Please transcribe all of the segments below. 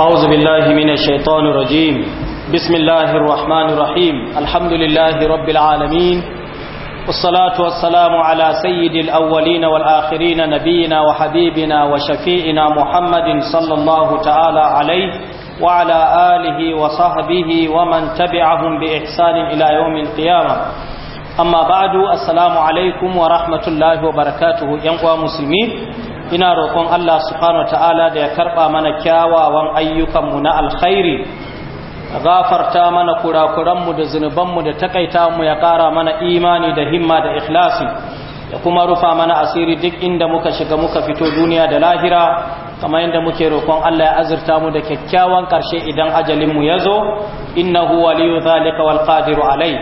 أعوذ بالله من الشيطان الرجيم بسم الله الرحمن الرحيم الحمد لله رب العالمين والصلاة والسلام على سيد الأولين والآخرين نبينا وحبيبنا وشفيئنا محمد صلى الله تعالى عليه وعلى آله وصحبه ومن تبعهم بإحسان إلى يوم القيامة أما بعد السلام عليكم ورحمة الله وبركاته ينقوى مسلمين ina roƙon Allah subhanahu ta'ala da ya karɓa mana kyawawan ayyukanmu na alkhairi gafarta mana kurakuranmu da zunubanmu da takaita mu ya ƙara mana imani da himma da ikhlasi ya kuma rufa mana asiri duk inda muka shiga muka fito duniya da lahira kamar yadda muke roƙon Allah ya azurta mu da kyakkyawan ƙarshe idan ajalinmu ya zo innahu waliyu zalika wal qadiru alai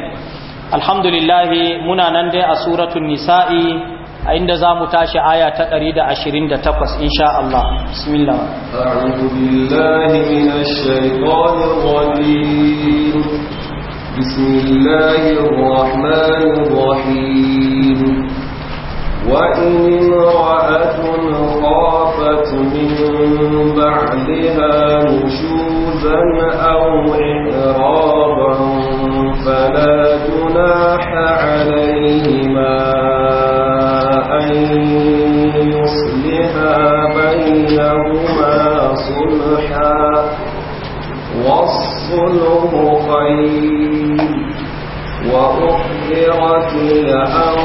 alhamdulillah muna nan dai a suratul nisa'i a inda za mu tashi aya ta 128 insha Allah bismillah a'udhu billahi minash shaitanir rajim bismillahir rahmanir rahim wa in ra'atun khafat min ba'daha nushuzan aw i'raban fala junaha 'alayhima يصلحا بينهما صلحا والصلح خير وأحضرت الأنفس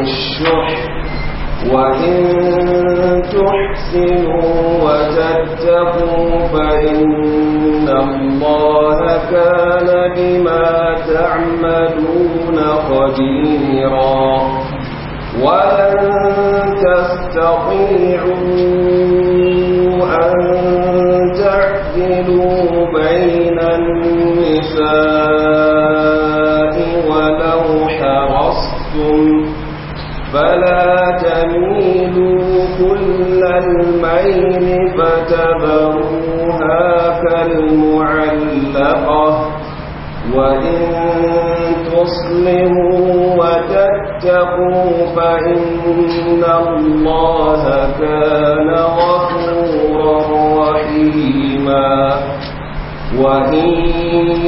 الشح وإن تحسنوا وتتقوا فإن الله كان بما تعملون خبيرا ولن تستطيعوا أن تعدلوا بين النساء ولو حرصتم فلا تميلوا كل الميل فتذروها كالمعلقة وإن تصلحوا وتتقوا فإن الله كان غفورا رحيما وإن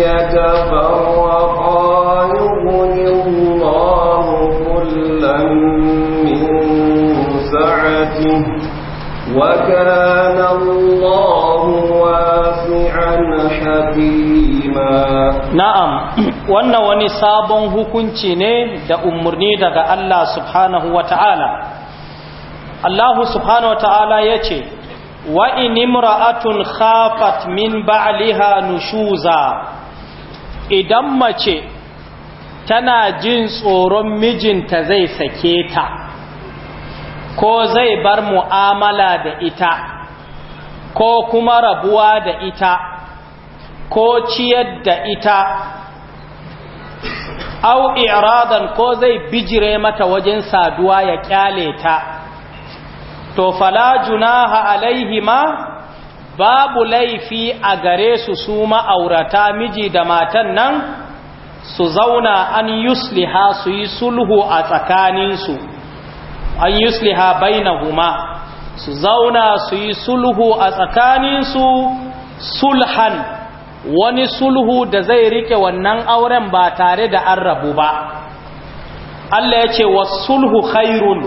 يتفرقا يغني الله كلا من سعته وكان الله واسعا Na'am, wannan wani sabon hukunci ne da umarni daga Allah subhanahu wa ta'ala. Allah subhanahu wa ta'ala yace wa in imra'atun khafat min ba'liha nushuza idan mace tana jin tsoron mijinta zai sake ta ko zai bar mu'amala da ita ko kuma rabuwa da ita ko ciyar da ita au iradan ko zai bijire mata wajen saduwa ya kyale ta to fala junaha ma babu laifi a gare su su ma'aurata miji da matan nan su zauna an yusliha su yi sulhu a tsakaninsu an yusliha bainahuma su zauna su yi sulhu a tsakaninsu sulhan wani sulhu da zai rike wannan auren ba tare da an rabu ba Allah ya ce sulhu khairun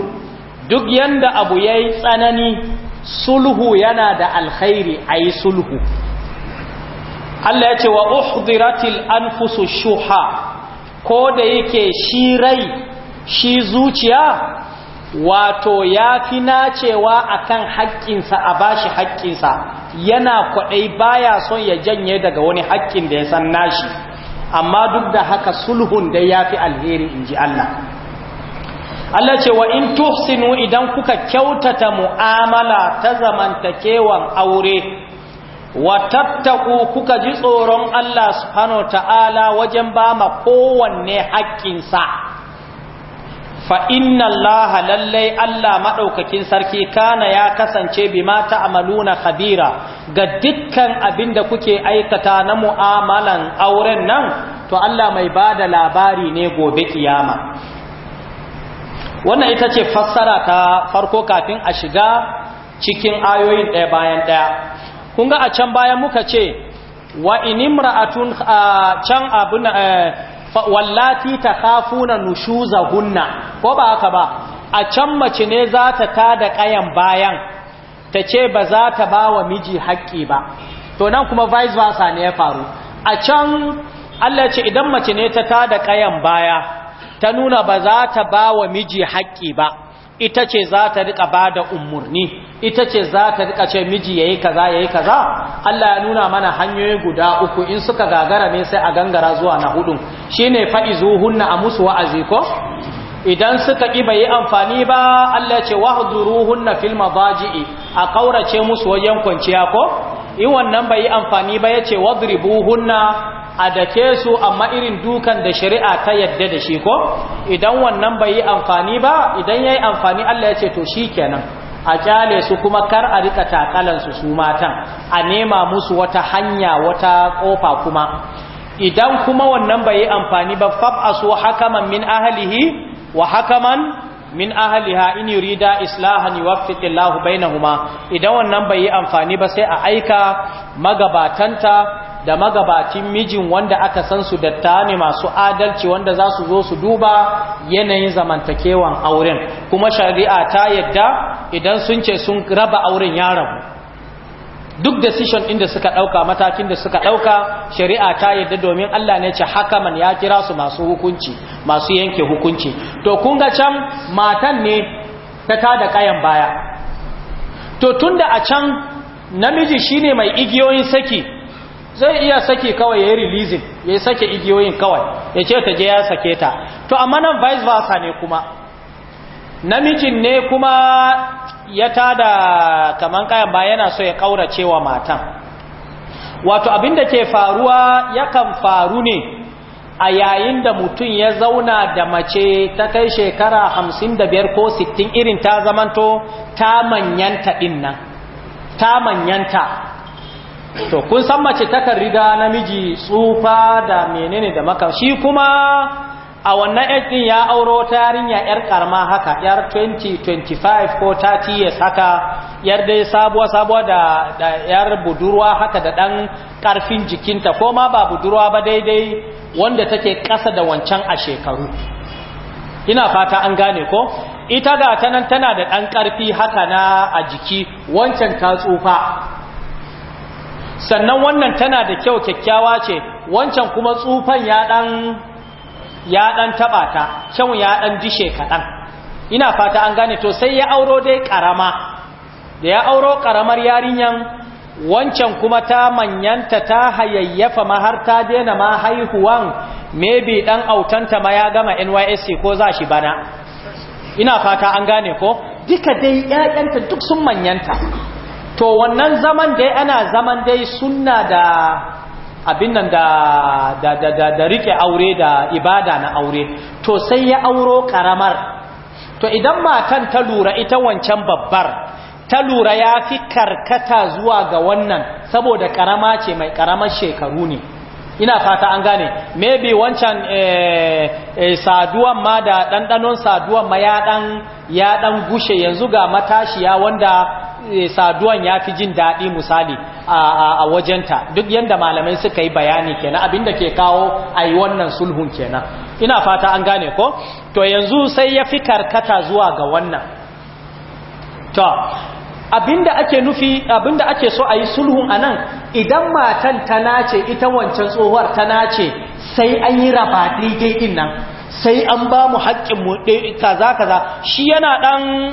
duk yanda abu ya yi tsanani sulhu yana da alkhairi a yi sulhu Allah ya ce wa uhdiratil anfusu shuha ko da yake shi rai shi zuciya wato ya fi nacewa a kan haƙƙinsa a ba shi haƙƙinsa yana kwaɗai baya son ya janye daga wani haƙƙin da ya san nashi amma duk da haka sulhun dai ya fi alheri in ji Allah Allah ce wa in tuhsinu idan kuka kyautata mu'amala ta zamantakewan aure wa tattaku kuka ji tsoron Allah subhanahu ta'ala wajen ba ma kowanne haƙƙinsa fa inna Allah lallai Allah maɗaukakin sarki kana ya kasance bi mata amaluna khabira ga dukkan abin da kuke aikata na mu'amalan auren nan to Allah mai ba da labari ne gobe kiyama wannan ita ce fassara ta farko kafin a shiga cikin ayoyin ɗaya bayan ɗaya kun ga a can bayan muka ce wa inimra'atun can abin eh, wallati ta kafuna nushuza hunna ko ba haka ba a can mace ne za ta tada ƙayan bayan ta ce ba za ta ba wa miji haƙƙi ba to nan kuma vice versa ne ya faru a can Allah ce idan mace ne ta tada ƙayan baya ta nuna ba za ta ba wa miji haƙƙi ba ita ce za ta rika ba da umurni ita ce za ta rika ce miji yayi kaza yayi kaza Allah ya nuna mana hanyoyi guda uku in suka gagara ne sai a gangara zuwa na hudu shine zuhunna a musu wa'azi ko idan suka ki bai amfani ba Allah ya ce filma fil madaji'i a kaurace musu wajen kwanciya ko in wannan bai yi amfani ba yace hunna. a dake su amma irin dukan da shari'a ta yadda da shi ko idan wannan bai yi amfani ba idan ya yi amfani Allah ya ce to shi kenan a kyale su kuma kar a rika takalansu su matan a nema musu wata hanya wata kofa kuma idan kuma wannan bai yi amfani ba fab'asu hakaman min ahlihi wa hakaman min ahliha in yurida islahan yuwaffiqillahu bainahuma idan wannan bai yi amfani ba sai a aika magabatanta da magabacin mijin wanda aka san su dattane masu adalci wanda za su zo su duba yanayin zamantakewan auren kuma shari'a ta yadda idan sun ce sun raba auren ya rabu duk decision inda suka dauka matakin da suka dauka shari'a ta yadda domin Allah ne ce hakaman ya kira su masu hukunci masu yanke hukunci to kun ga can matan ne ta tada kayan baya to tunda a can namiji shine mai igiyoyin saki zai iya saki kawai ya yi releasing ya yi sake igiyoyin kawai ya ce ta je ya sake ta to amma nan vice versa ne kuma namijin ne kuma ya tada kaman kayan ba yana so ya kaurace wa matan wato abin da ke faruwa yakan faru ne a yayin da mutum ya zauna da mace ta kai shekara hamsin da biyar ko sittin irin ta zamanto ta manyanta ɗin nan ta manyanta to kun san mace takan riga namiji tsufa da menene da maka shi kuma a wannan ɗin ya auro ta yarinya yar karma haka yar 20 25 ko 30 years haka yar dai sabuwa sabuwa da, da yar budurwa haka da dan karfin jikinta ko ma ba budurwa ba daidai wanda take kasa da wancan a shekaru ina fata an gane ko ita ga tanan tana da ɗan ƙarfi haka na a jiki wancan ta tsufa sannan wannan tana da kyau kyakkyawa ce wancan kuma tsufan ya dan ya taba ta kyau ya dan dishe kadan ina fata an gane to sai ya auro dai karama da ya auro ƙaramar yarinyan wancan kuma ta manyanta ta hayayyafa ma har ta daina ma haihuwan maybe dan autanta ma ya gama NYSC ko za shi bana ina fata an gane ko duka dai ƴaƴanta duk sun manyanta to wannan zaman dai ana zaman dai sunna da abin nan da da da da, da rike aure da ibada na aure to sai ya auro karamar to idan matan ta lura ita wancan babbar ta lura ya fi karkata zuwa ga wannan saboda karama ce mai karamar shekaru ne ina fata an gane maybe wancan eh, eh, saduwan ma da ɗanɗanon saduwan ma ya ɗan ya ɗan gushe yanzu ga matashiya wanda eh, saduwan ya fi jin daɗi misali a, wajenta duk yadda malamai suka yi bayani kenan abinda ke kawo a yi wannan sulhun kenan ina fata an gane ko to yanzu sai ya fi karkata zuwa ga wannan to abinda ake nufi abinda ake so a yi sulhun a nan idan matan ta nace ita wancan tsohuwar ta nace sai an yi raba daidai din nan sai an ba mu haƙƙinmu eh, kaza kaza shi yana ɗan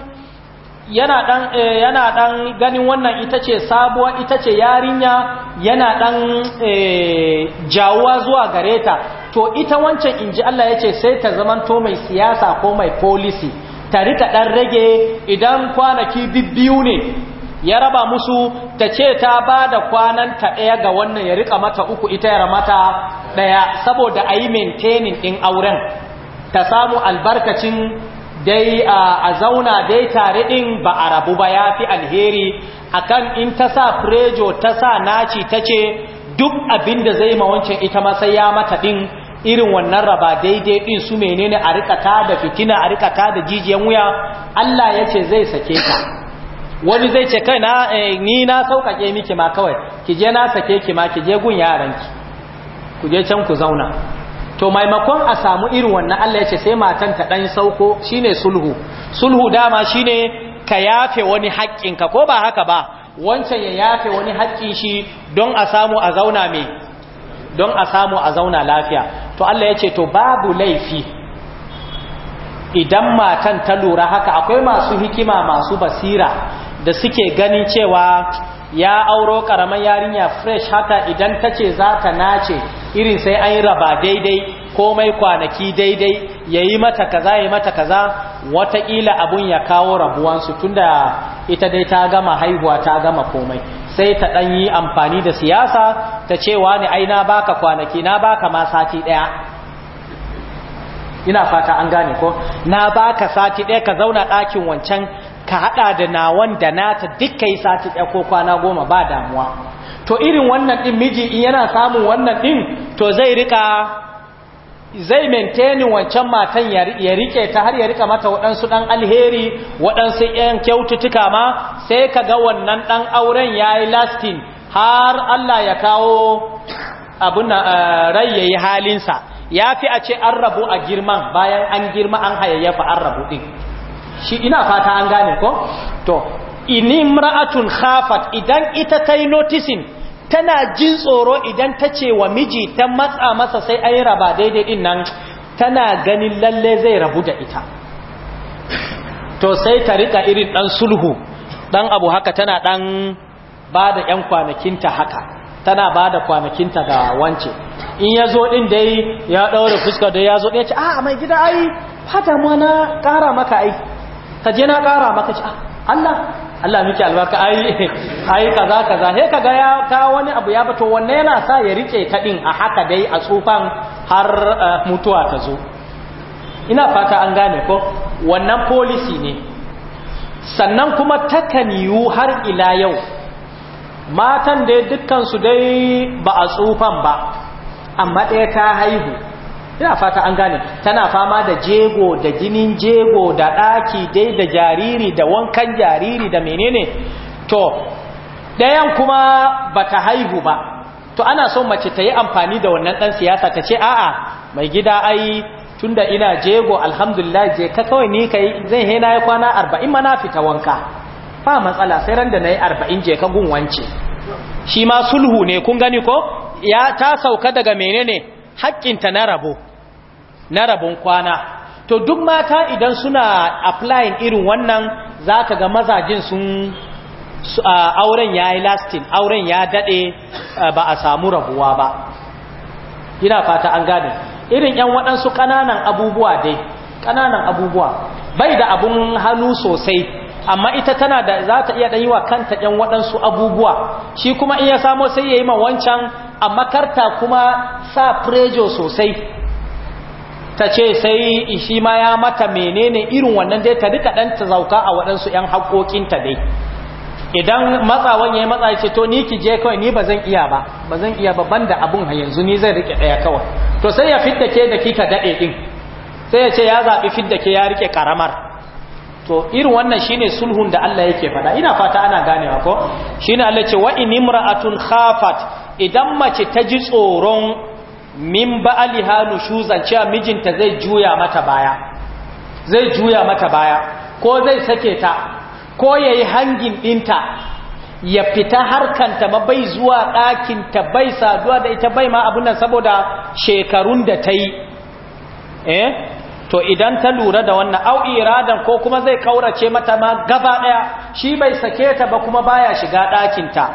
yana ɗan eh, yana ɗan ganin wannan ita ce sabuwa ita ce yarinya yana ɗan eh, jawuwa zuwa gareta to ita wancan inji Allah ya ce sai ta zamanto mai siyasa ko mai policy ta rika ɗan rage idan kwanaki bibbiyu ne ya raba musu ta ce ta ba da ta ɗaya ga wannan ya rika mata uku ita ya mata ɗaya saboda a yi maintaining ɗin auren ta samu albarkacin dai a zauna dai tare ɗin ba a rabu ba ya fi alheri akan in ta sa tasa ta sa naci ta ce duk abin da zai ma wancan ita masai ya mata ɗin irin wannan raba daidai din su menene a rika ta da fitina a rika da jijiyan wuya Allah ya ce zai sake ka wani zai ce kai na eh, ni na sauƙaƙe miki ma kawai ki je na sake ki ma ki je gun yaranki ku je can ku zauna to maimakon a samu irin wannan Allah ya ce sai matan ta ɗan sauko shine sulhu sulhu dama shine ka yafe wani haƙƙinka ko ba haka ba wancan ya yafe wani haƙƙin shi don a samu a zauna me don a samu a zauna lafiya to Allah ya ce to babu laifi idan matan ta lura haka akwai masu hikima masu basira da suke ganin cewa ya auro karaman yarinya fresh haka idan ta ce za ta nace irin sai an yi raba daidai komai kwanaki daidai yayi mata kaza yayi mata kaza wataƙila abun ya kawo rabuwansu tunda ita dai ta gama haihuwa ta gama komai sai ta ɗan yi amfani da siyasa ta cewa ne ai na baka kwanaki na baka ma sati ɗaya ina fata an gane ko na baka sati ɗaya ka zauna ɗakin wancan ka haɗa da nawan da nata dukkan yi sati ɗaya ko kwana goma ba damuwa to irin wannan din miji in yana samun wannan din to zai rika zai maintaining wancan matan ya rike ta har ya rika mata waɗansu ɗan alheri waɗansu ‘yan kyaututtuka ma sai ka ga wannan ɗan auren ya yi lastin har Allah ya kawo abin eh, rai ya yi halinsa ya fi a ce an rabu a girman bayan an girma an hayayyafa an rabu ɗin shi ina fata an gane ko? to inimra'atun khafat idan ita ta yi noticing tana jin tsoro idan ta ce wa miji ta matsa masa sai an raba daidai din nan tana ganin lalle zai rabu da ita to sai ta rika irin ɗan sulhu dan abu haka tana dan ba da yan kwanakinta haka tana ba da kwanakinta ga wance in ya zo ɗin dai ya ɗaure fuska da ya zo ɗin ya ce a ah, mai gida ai fata ma na ƙara maka ai ka je na ƙara maka ce ah, Allah Allah miki albarka ai ai kaza kaza he kaga ya ka wani abu ya bato wanne yana sa ya rike din a haka dai a tsufan har eh, mutuwa ta zo ina fata an gane ko wannan policy ne sannan kuma takan yiwu har ila yau matan dai dukkan su dai ba a tsufan ba amma ɗaya ta haihu ina fata an gane tana fama da jego da ginin jego da ɗaki dai da jariri da wankan jariri da menene to ɗayan kuma bata haihu ba to ana so mace ta yi amfani da wannan ɗan siyasa ta ce a'a mai gida ai tunda ina jego alhamdulillah je ka kawai ni kai zai hena ya kwana arba'in mana fita wanka fa matsala sai ran da na yi arba'in je ka gun wance shi ma sulhu ne kun gani ko ya ta sauka daga menene haƙƙinta na rabo na rabon kwana to duk mata idan suna applying irin wannan za ka ga mazajin sun auren ya yi lastin auren ya daɗe ba a samu rabuwa ba ina fata an gane irin yan waɗansu ƙananan abubuwa dai ƙananan abubuwa bai da abun hannu sosai amma ita tana da za ta iya ɗanyiwa kanta yan waɗansu abubuwa shi kuma in samo sai ya yi ma wancan amma karta kuma sa prejo sosai ta ce sai shi ma ya mata menene irin wannan dai ta rika ɗan ta zauka a waɗansu ‘yan ta dai idan matsawan ya yi matsa ce to ni ki je kawai ni ba zan iya ba ba zan iya ba da abun ha yanzu ni zai rike ɗaya kawai to sai ya fidda ke da kika daɗe ɗin sai ya ce ya zaɓi fidda ke ya rike ƙaramar to irin wannan shine sulhun da Allah yake faɗa ina fata ana ganewa ko shine Allah ce wa in imra'atun khafat idan mace ta ji tsoron min ba ba'aliha nushuzan cewa mijinta zai juya mata baya zai juya mata baya ko zai sake ta ko yayi hangin dinta ya fita harkanta ma bai zuwa ɗakinta bai saduwa da ita bai ma abun nan saboda shekarun da ta yi eh to idan ta lura da wannan au iradan ko kuma zai kaurace mata ma gaba ɗaya shi bai sake ta ba kuma baya shiga ɗakinta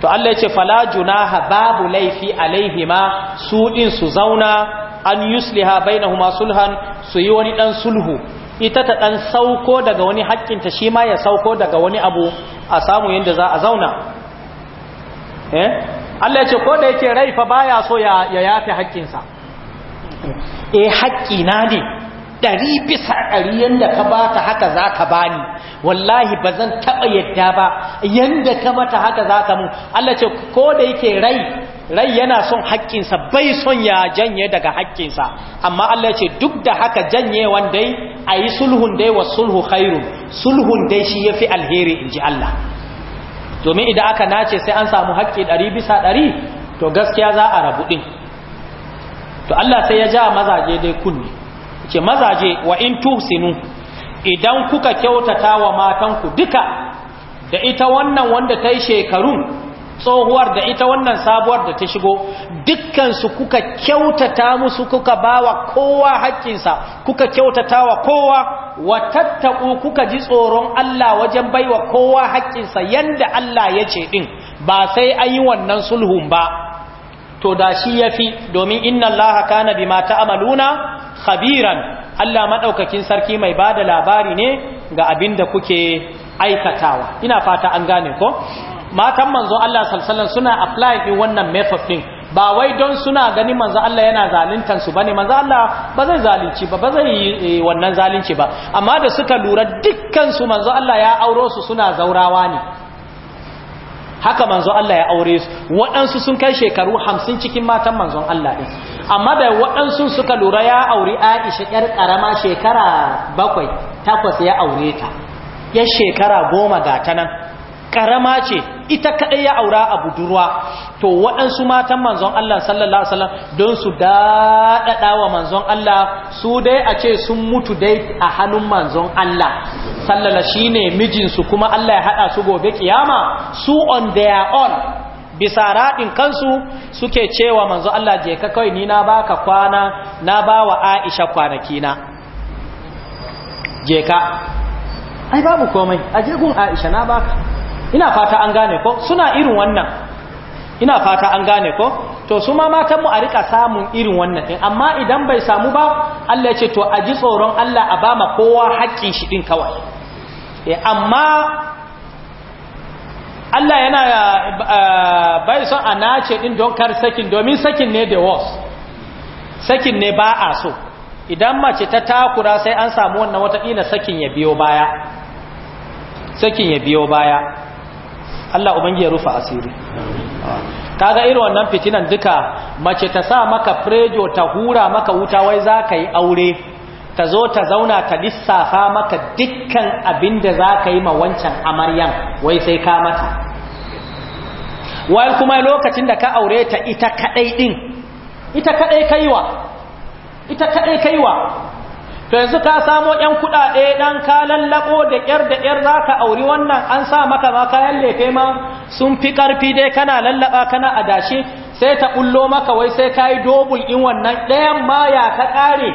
to Allah ya ce fala junaha babu laifi alaihima su din su zauna an yusliha bainahuma sulhan su yi wani dan sulhu ita ta dan sauko daga wani haƙƙinta shi ma ya sauko daga wani abu a samu yadda za a zauna eh Allah ya ce ko da yake rai fa baya so ya yafe haƙƙinsa eh na ne ɗari bisa ɗari yadda ka ba ta haka za ka ba wallahi ba zan taɓa yadda ba yadda ka mata haka za ka mu Allah ce ko da yake rai rai yana son haƙƙinsa bai son ya janye daga haƙƙinsa amma Allah ce duk da haka janye wanda a yi sulhun dai wa sulhu khairun sulhun dai shi ya fi alheri in ji Allah domin idan aka nace sai an samu haƙƙi ɗari bisa ɗari to gaskiya za a rabu ɗin to Allah sai ya ja mazaje dai kunne ce mazaje wa in tusinu idan kuka kyautata wa matanku duka da ita wannan wanda ta yi shekarun tsohuwar da ita wannan sabuwar da ta shigo dukkansu kuka kyautata musu kuka bawa kowa haƙƙinsa kuka kyautata wa kowa wa tattaku kuka ji tsoron Allah wajen baiwa kowa haƙƙinsa yadda Allah ya ce ɗin ba sai an yi wannan sulhun ba to da shi ya fi domin inna Allah kana bima amaluna. khabiran Allah maɗaukakin sarki mai bada labari ne ga abin da kuke aikatawa ina fata an gane ko matan manzo Allah sallallahu suna apply din wannan method din ba wai don suna gani manzo Allah yana zaluntansu su bane manzo Allah ba zai zalunci ba ba zai wannan zalunci ba amma da suka lura dukkan su manzo Allah ya auro su suna zaurawa ne haka manzo Allah ya aure su waɗansu sun kai shekaru 50 cikin matan manzon Allah din amma da waɗansu suka lura ya auri aisha ƴar ƙarama shekara bakwai takwas ya aure ta ya shekara goma ga ta nan ƙarama ce ita kaɗai ya aura a budurwa to waɗansu matan manzon Allah sallallahu Alaihi don su daɗaɗa wa manzon Allah su dai a ce sun mutu dai a hannun manzon Allah sallala shi ne mijinsu kuma Allah ya haɗa su gobe ƙiyama su on their own bisa raɗin kansu suke cewa manzo Allah je ka kawai ni na baka kwana na bawa Aisha kwanaki na je ka ai babu komai aje gun Aisha na baka ina fata an gane ko suna irin wannan ina fata an gane ko to su ma matan mu a rika samun irin wannan din amma idan bai samu ba Allah ya ce to aji tsoron Allah a bama kowa haƙƙin shi din kawai eh amma Allah yana eh, bai son a nace din don kar sakin domin sakin ne da was sakin ne ba a so idan mace ta takura sai an samu wannan watakila sakin ya biyo baya sakin ya biyo baya Allah ubangi ya rufa asiri kaga irin wannan fitinan duka mace ta sa maka prejo ta hura maka wuta wai za ka yi aure ta zo ta zauna ta lissafa maka dukkan abin da za ka yi ma wancan amaryan wai sai ka mata wai kuma lokacin da ka aure ta ita kadai din? ita kadai kaiwa ita kadai kaiwa to yanzu ka samo ‘yan kuɗaɗe dan ka lallaɓo da ‘yar da ‘yar za ka auri wannan an sa maka ma kayan lefe ma sun fi ƙarfi dai kana lallaɓa kana adashi sai ta ɓullo maka wai sai ka yi dobul in wannan ɗayan ma ya ka ƙare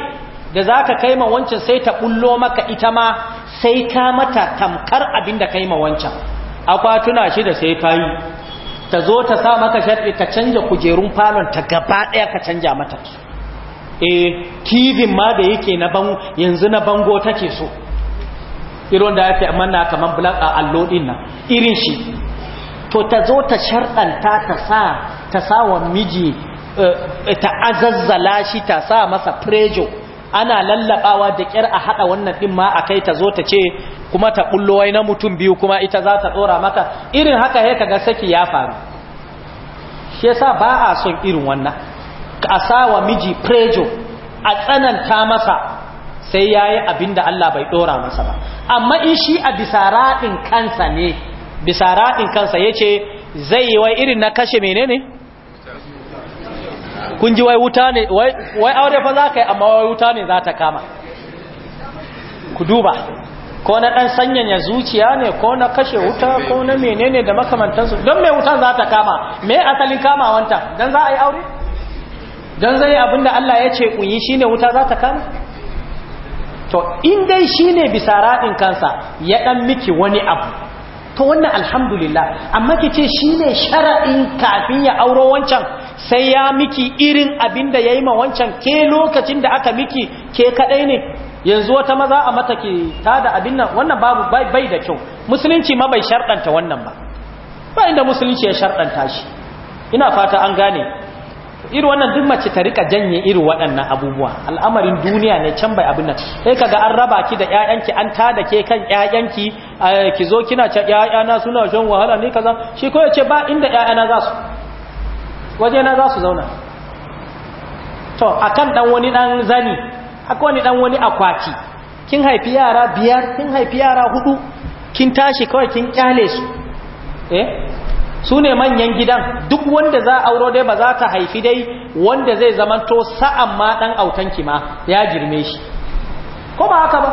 da za ka kai ma wancan sai ta bullo maka ita ma sai ka mata tamkar abin da kai ma wancan akwatuna shi da sai ta yi ta zo ta sa maka sharɗi ka canja kujerun falon ta gaba ɗaya ka canja mata e kibin ma da yake na ban yanzu na bango take so irin da yake manna kaman black a allo nan irin shi to ta zo ta sharɗanta ta sa ta sa wa miji eh, ta azazzala shi ta sa masa prejo ana lallabawa da kyar a hada wannan din ma akai ta zo ta ce kuma ta bullo wai na mutum biyu kuma ita za ta tsora maka irin haka he kaga saki ya faru shi yasa ba a son irin wannan Kasawa wa miji prejo a tsananta masa sai yayi abinda Allah bai dora masa ba amma in shi a bisa kansa ne bisa kansa yace zai yi wai irin na kashe menene kun ji wai wuta ne wai aure fa za ka yi amma wai wuta ne za ta kama ku duba ko na ɗan sanyanya zuciya ne ko na kashe wuta ko na menene da makamantansu don mai wutan za ta kama me asalin kama wanta don za a yi aure don zai abinda Allah ya ce kunyi shine wuta za ta kama to in dai shine bisa raɗin kansa ya ɗan miki wani abu to wannan alhamdulillah amma ki ce ne shara'in kafin ya auro wancan sai ya miki irin abin da ya yi wancan ke lokacin da aka miki ke kadai ne yanzu wata maza a mata ke ta da abin nan wannan babu bai da kyau musulunci ma bai sharɗanta wannan ba ba inda musulunci ya sharɗanta shi ina fata an gane irin wannan duk mace ta rika janye irin waɗannan abubuwa al'amarin duniya ne can bai abin nan sai kaga an raba ki da ƴaƴanki an ta da ke kan ƴaƴanki eh, ki zo kina ce ƴaƴana suna shan wahala ne kaza shi ko ya ce ba inda ƴaƴana za su waje na za su zauna to a kan dan wani dan zani akwai wani dan wani akwati kin haifi yara biyar kin haifi yara hudu kin tashi kawai kin kyale su eh su ne manyan gidan duk wanda za auro dai ba za ta haifi dai wanda zai zamanto sa'an ma dan autanki ma ya girme shi ko ba haka ba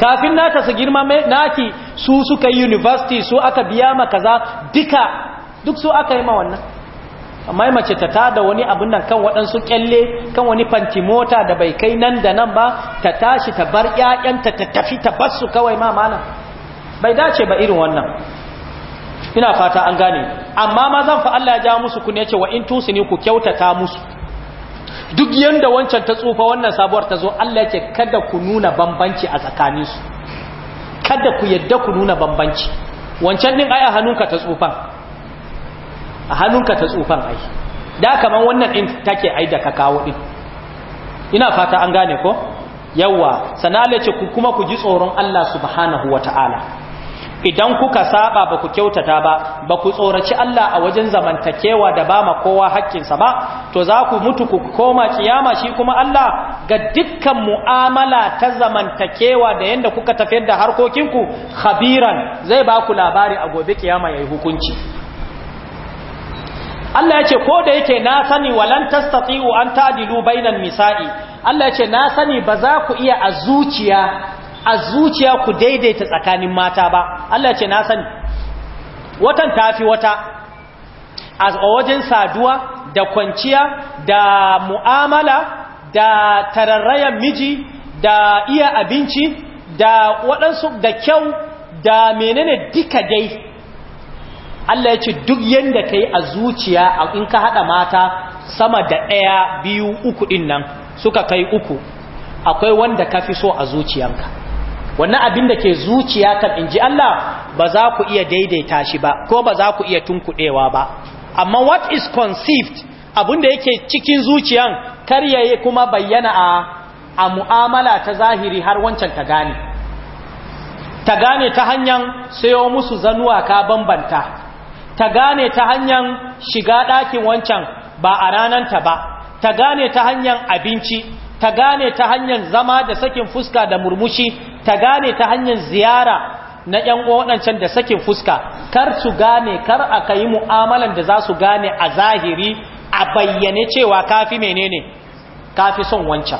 kafin nata su girma naki su suka yi university su aka biya ma kaza duka duk su aka yi ma wannan amma mace ta tada wani abun nan kan waɗansu kyalle kan wani fanti mota da bai kai nan da nan ba ta tashi ta bar 'ya'yanta ta tafi ta basu kawai ma mana bai dace ba irin wannan ina fata an gane amma ma zan fa Allah ya ja musu kun yace wa in tusu tusini ku kyautata musu duk yanda wancan ta tsufa wannan sabuwar ta zo Allah yake kada ku nuna bambanci a tsakaninsu kada ku yadda ku nuna bambanci wancan din aya hannunka ta tsufa a hannunka ta tsufan ai da kamar wannan din take ai da ka kawo din ina fata an gane ko yawa sanale ce ku kuma ku ji tsoron Allah subhanahu wataala idan kuka saba ba ku kyautata ba ba ku tsoraci Allah a wajen zamantakewa da ba ma kowa haƙƙinsa ba to za ku mutu ku koma kiyama shi kuma Allah ga dukkan mu'amala ta zamantakewa da yanda kuka tafiyar da harkokinku khabiran zai ba ku labari a gobe kiyama yayi hukunci Allah ya ce ko da yake na sani walan tastati'u an ta'dilu bainan misa'i. Allah ya ce na sani ba za ku iya a zuciya ku daidaita tsakanin mata ba Allah ya ce na sani watan tafi wata a wajen saduwa da kwanciya da mu'amala da tararrayan miji da iya abinci da waɗansu da kyau da menene duka dai Allah ya ce duk yadda ka yi a zuciya in ka haɗa mata sama da ɗaya biyu uku ɗin nan suka kai uku akwai wanda ka fi so a zuciyanka wannan abin da ke zuciya kan inji Allah ba za ku iya daidaita shi ba ko ba za ku iya tunkuɗewa ba amma what is conceived abin da yake cikin zuciyan kar ya kuma bayyana a a mu'amala ta zahiri har wancan ta gane ta gane ta hanyar sayo musu zanuwa ka bambanta ta gane ta hanyar shiga ɗakin wancan ba a rananta ba ta gane ta hanyar abinci ta gane ta hanyar zama da sakin fuska da murmushi ta gane ta hanyar ziyara na ‘yan waɗancan da sakin fuska kar su gane kar aka yi mu'amalan da za su gane a zahiri a bayyane cewa kafi menene kafi son wancan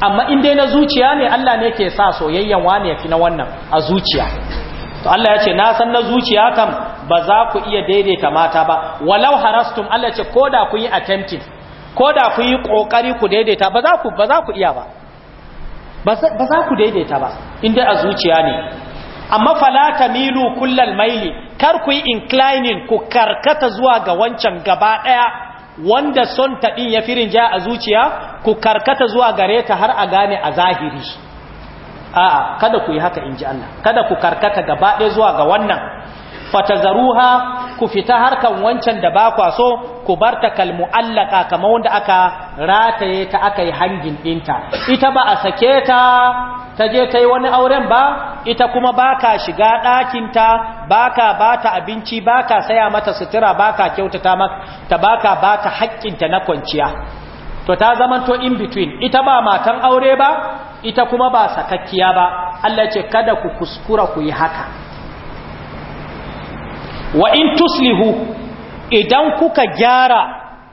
amma in dai na zuciya ne Allah ne ke sa soyayyan wani ya fi na wannan a zuciya to Allah ya ce na san na zuciya kam ba za ku iya daidaita mata ba walau harastum Allah ce ko da ku yi attempted ko da ku yi kokari ku daidaita ba za ku ba za ku iya ba ba za ku daidaita ba inda a zuciya ne amma fala tamilu kullal maili kar ku yi inclining ku karkata zuwa ga wancan gaba daya wanda son ta din ya firin ja a zuciya ku karkata zuwa gare ta har a gane a zahiri a'a kada ku yi haka inji Allah kada ku karkata gaba daya zuwa ga wannan fatazaruha ku fita harkan wancan da ba kwa so ku barta kalmu'allaka kamar wanda aka rataye ta aka yi hangin ɗinta ita ba a sake ta ta je ta yi wani auren ba ita kuma ba ka shiga ɗakinta ba ka ba ta abinci ba ka saya mata sutura ba ka kyautata ta ba ka ba ta haƙƙinta na kwanciya to ta to in between ita ba matan aure ba ita kuma ba sakakkiya ba Allah ce kada ku kuskura ku yi haka wa in tuslihu idan kuka gyara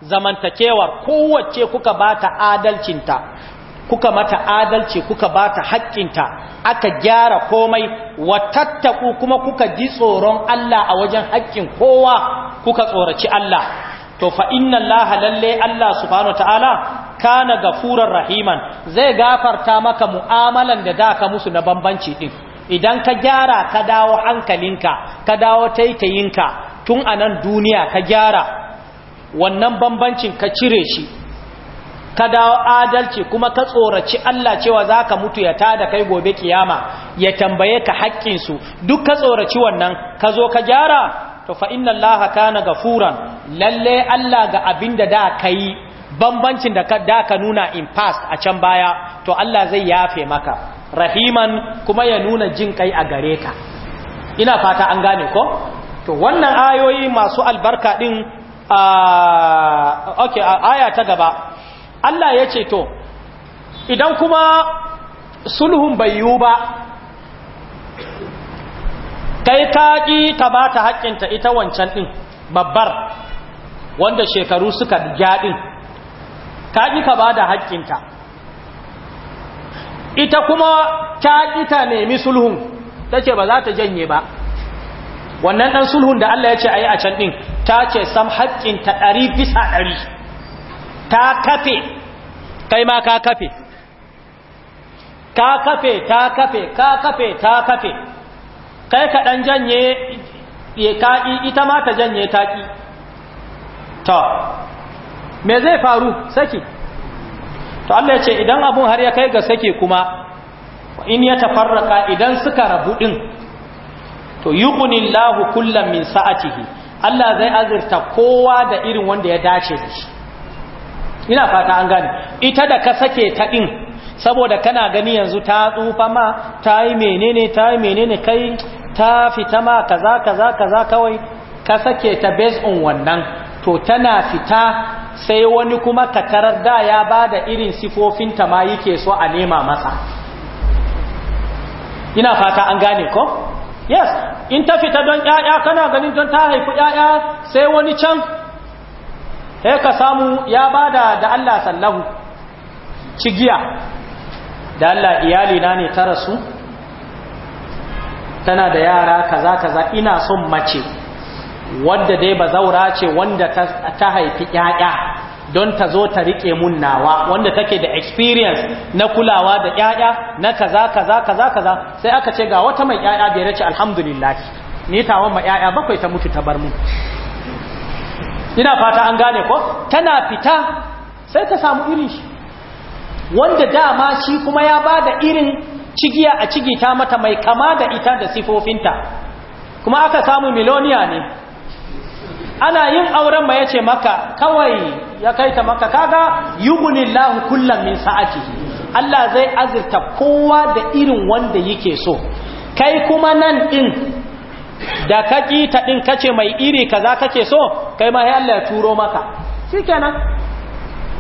zamantakewar kowace kuka bata adalcinta kuka mata adalci kuka bata haƙƙinta aka gyara komai wa tattaku kuma kuka ji tsoron Allah a wajen haƙƙin kowa kuka tsoraci Allah to fa inna Allah lalle Allah subhanahu ta'ala kana gafurar rahiman zai gafarta maka mu'amalan da da ka musu na bambanci din idan ka gyara ka dawo hankalinka ka dawo taitayinka tun a nan duniya ka gyara wannan bambancin ka cire shi ka dawo adalci kuma ka tsoraci Allah cewa za ka mutu ya tada kai gobe kiyama ya tambaye ka haƙƙinsu duk ka tsoraci wannan ka zo ka gyara to fa inna allaha kana gafuran lalle Allah ga abin da kayi bambancin da ka da ka nuna in past a can baya to Allah zai yafe maka rahiman kuma ya nuna jin kai a gare ka ina fata an gane ko to wannan ayoyi masu albarka din a okay aya ta gaba Allah ya ce to idan kuma sulhun bai yiwu ba kai ka ƙi ta ba ta haƙƙinta ita wancan ɗin babbar wanda shekaru suka gyaɗin ka ki ka ba da ta. ita kuma ta ita nemi sulhun ta ce ba za ta janye ba wannan ɗan sulhun da Allah ya ce a yi a can ɗin ta ce sam haƙƙin ta ɗari bisa ɗari ta kafe kai ma ka kafe ka kafe ta kafe ka kafe ta kafe kai ka ɗan janye ya kaƙi ita ma ta janye taƙi ta me zai faru saki to Allah ya ce idan abun har ya kai ga sake kuma in ya tafarraka idan suka rabu din to yuqnillahu kullam min sa'atihi Allah zai azurta kowa da irin wanda ya dace da shi ina fata an gane ita da ka sake ta din saboda kana gani yanzu ta tsufa ma ta yi menene ta yi menene kai ta fita ma kaza kaza kaza kawai ka sake ta based on wannan to tana fita sai wani kuma kakarar da ya ba da irin sifofinta ma yake so a nema masa ina fata an gane ko yes in ta fita don yaya kana ganin don ta haifi yaya sai wani can sai ka samu ya ba da Allah sallahu cigiya da Allah iyalina ne ta rasu tana da yara kaza kaza ina son mace wadda dai ba zaura ce wanda ta haifi ƴaƴa don ta zo ta riƙe mun nawa wanda take da experience na kulawa da ƴaƴa na kaza kaza kaza kaza sai aka ce ga wata mai ƴaƴa biyar ce alhamdulillah ni tawon ma ƴaƴa bakwai ta mutu ta bar mu ina fata an gane ko tana fita sai ta samu irin shi wanda dama shi kuma ya ba da irin cigiya a cigita mata mai kama da ita da sifofinta kuma aka samu miloniya ne ana yin auren ba yace maka kawai ya kai ta maka kaga lahu kullam min sa'ati Allah zai azurta kowa da irin wanda yake so kai kuma nan din da ka kita din kace mai iri kaza kake so kai ma sai Allah ya turo maka shikenan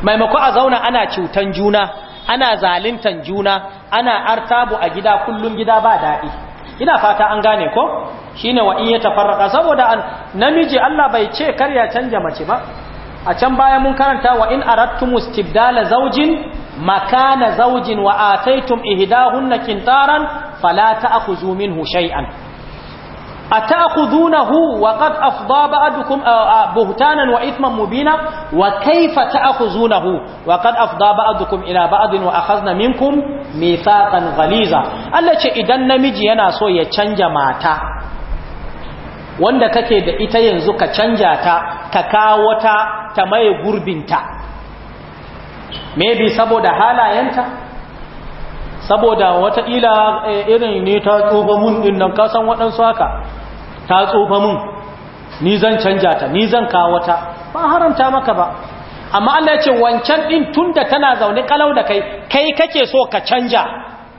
maimako a zauna ana cutan juna ana zalintan juna ana artabu a gida kullun gida ba daɗi ina fata an gane ko shine wa in ya tafarraka saboda an namiji Allah bai ce kar ya canja mace ba a can baya mun karanta wa in aradtum istibdala zawjin makana zawjin wa ataytum ihdahunna kintaran fala ta'khudhu minhu shay'an ata'khudunahu wa qad afdha ba'dukum buhtanan wa ithman mubina wa kayfa ta'khudunahu wa qad afdha ba'dukum ila ba'din wa akhadna minkum mithaqan ghaliza Allah ce idan namiji yana so ya canja mata wanda kake da ita yanzu ka canja ta ka kawo ta ta mai gurbinta maybe saboda halayenta saboda wataƙila eh, irin ne ta tsoba mun ɗin nan kasan waɗansu haka ta tsufa mun ni zan canja ta ni zan kawo ta ba haramta maka ba amma Allah ya ce wancan din tunda tana zaune kalau da kai kai kake so ka canja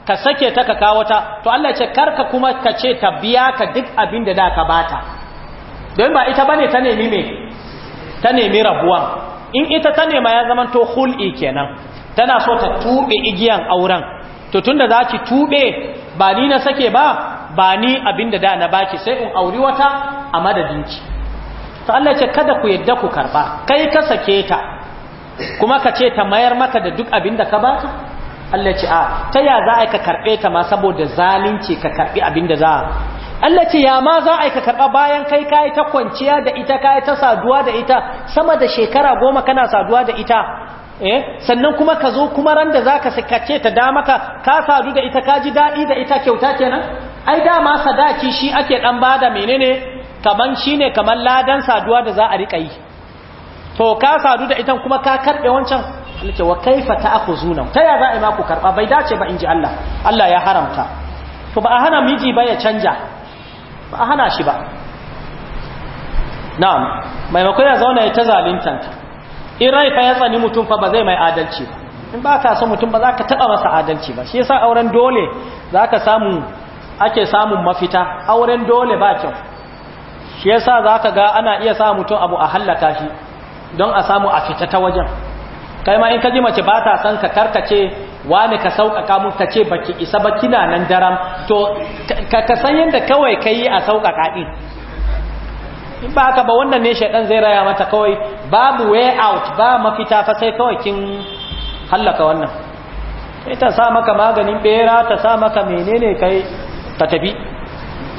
ka sake ta ka kawo ta to Allah ya ce karka kuma ka ce ta biya ka duk abin da da ka bata don ba ita bane ta nemi me ta nemi rabuwa in ita ta nema ya zama to hul'i kenan tana so ta tube igiyan auren to tunda za ki tube ba ni na sake ba ba ni abin da na baki sai in auri wata a madadinki to Allah ce kada ku yadda ku karba kai ka sake ta kuma ka ce ta mayar maka da duk abin da ka bata Allah ce a ta ya za a ka karbe ta ma saboda zalunci ka karbi da za Allah ce ya ma za a ka karba bayan kai kai ta kwanciya da ita kai ta saduwa da ita sama da shekara goma kana saduwa da ita eh sannan kuma ka zo kuma ran da zaka sakace ta da maka ka sadu da ita ka ji daɗi da ita kyauta kenan ai dama sadaki shi ake dan bada menene kaman shine kaman ladan saduwa da za a rika yi to ka sadu da itan kuma ka karbe wancan alce wa kaifa ta'khuzuna ta ya za a yi maku karba bai dace ba inji Allah Allah ya haramta to ba a hana miji ba ya canja ba a hana shi ba na'am maimakon ya zauna ya ta zalintanta in rai fa ya tsani mutum fa ba zai mai adalci ba in ba ka son mutum ba za ka taɓa masa adalci ba shi yasa auren dole za ka samu ake samun mafita auren dole ba kyau shi yasa zaka ga ana iya sa mutum abu a hallaka shi don a samu a fita ta wajen kai ma in ka ji mace ba ta san ka karkace wani ka sauƙaƙa mun ka ce baki isa ba kina nan daram to ka san yadda kawai ka a sauƙaƙa din. in ba ka ba wannan ne shaidan zai raya mata kawai babu way out ba mafita fa sai kawai kin hallaka wannan ita sa maka maganin bera ta sa maka menene kai ta tafi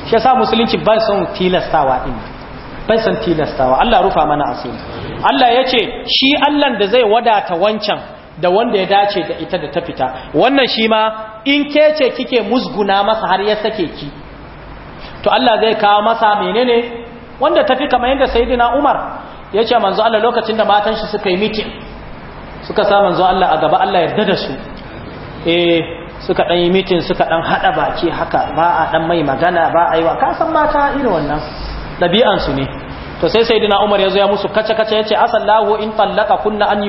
shi yasa musulunci ban son tilastawa din ban son tilastawa Allah rufa mana asiri Allah yace shi Allah da zai wadata wancan da wanda ya dace da ita da ta fita wannan shi ma in kece kike musguna masa har ya sake ki to Allah zai kawo masa menene wanda tafi kamar yadda sayyidina Umar yace manzo Allah lokacin da matan shi suka yi meeting suka sa manzo Allah a gaba Allah yarda da su eh suka ɗan yi mitin suka ɗan haɗa baki haka ba a ɗan mai magana ba a yi wa kasan mata irin wannan ɗabi'ansu ne to sai sai dina umar ya zo ya musu kace kace ya ce asallahu in tallaka kunna an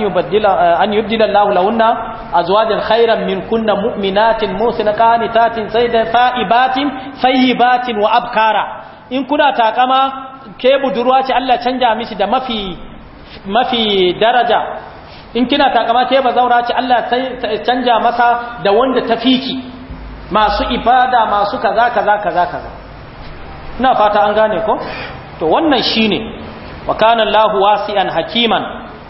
yubaddila eh, an yubdila a zuwa azwajan khairan min kunna mu'minatin sai da fa'ibatin fayyibatin wa abkara in kuna takama ke budurwa ce Allah canja miki da mafi mafi daraja in kina takama ke ba zaura ce Allah canja masa da wanda ta fiki masu ibada masu kaza kaza kaza kaza ina fata an gane ko to wannan shine wa kana Allahu wasi'an hakiman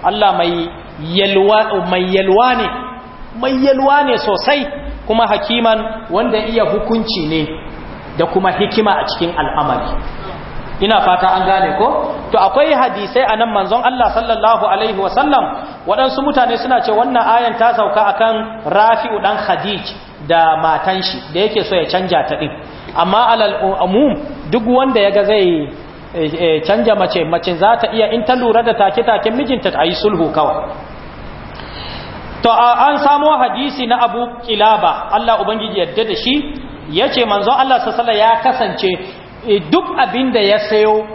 Allah mai yalwa mai yalwa ne mai yalwa ne sosai kuma hakiman wanda iya hukunci ne da kuma hikima a cikin al'amari ina fata an gane ko to akwai hadisai a nan manzon Allah sallallahu alaihi wasallam waɗansu mutane suna ce wannan ayan ta sauka akan rafi'u ɗan khadij da matan shi da yake so ya canja ta ɗin amma alal umum duk wanda ya ga zai eh, eh, canja mace mace za ta iya in ta lura da take-taken mijinta ta yi sulhu kawai to an samo hadisi na abu kilaba Allah Ubangiji yadda da shi yace ce manzon Allah sassala ya kasance Eh, duk abin da ya sayo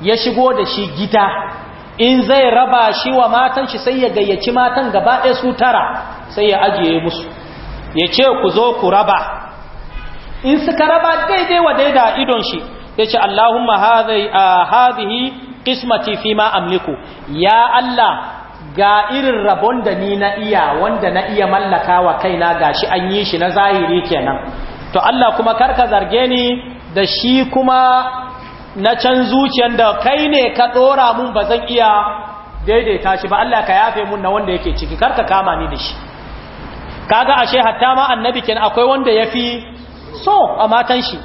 ya shigo da shi gida in zai raba shi wa matan shi sai ya gayyaci matan gaba ɗaya su tara sai ya ajiye musu ya ce ku zo ku raba in suka raba daidai wa daida idon shi ya ce Allahumma hazihi qismati fi ma amliku ya Allah ga irin rabon da ni na iya wanda na iya mallaka wa kaina gashi an yi shi na zahiri kenan to Allah kuma karka zarge ni da shi kuma na can zuciyar da kai ne ka ɗora mun ba zan iya daidaita shi ba Allah ka yafe mun na wanda yake ciki karka kama ni da shi kaga ashe hatta ma annabi kin akwai wanda yafi so a matan shi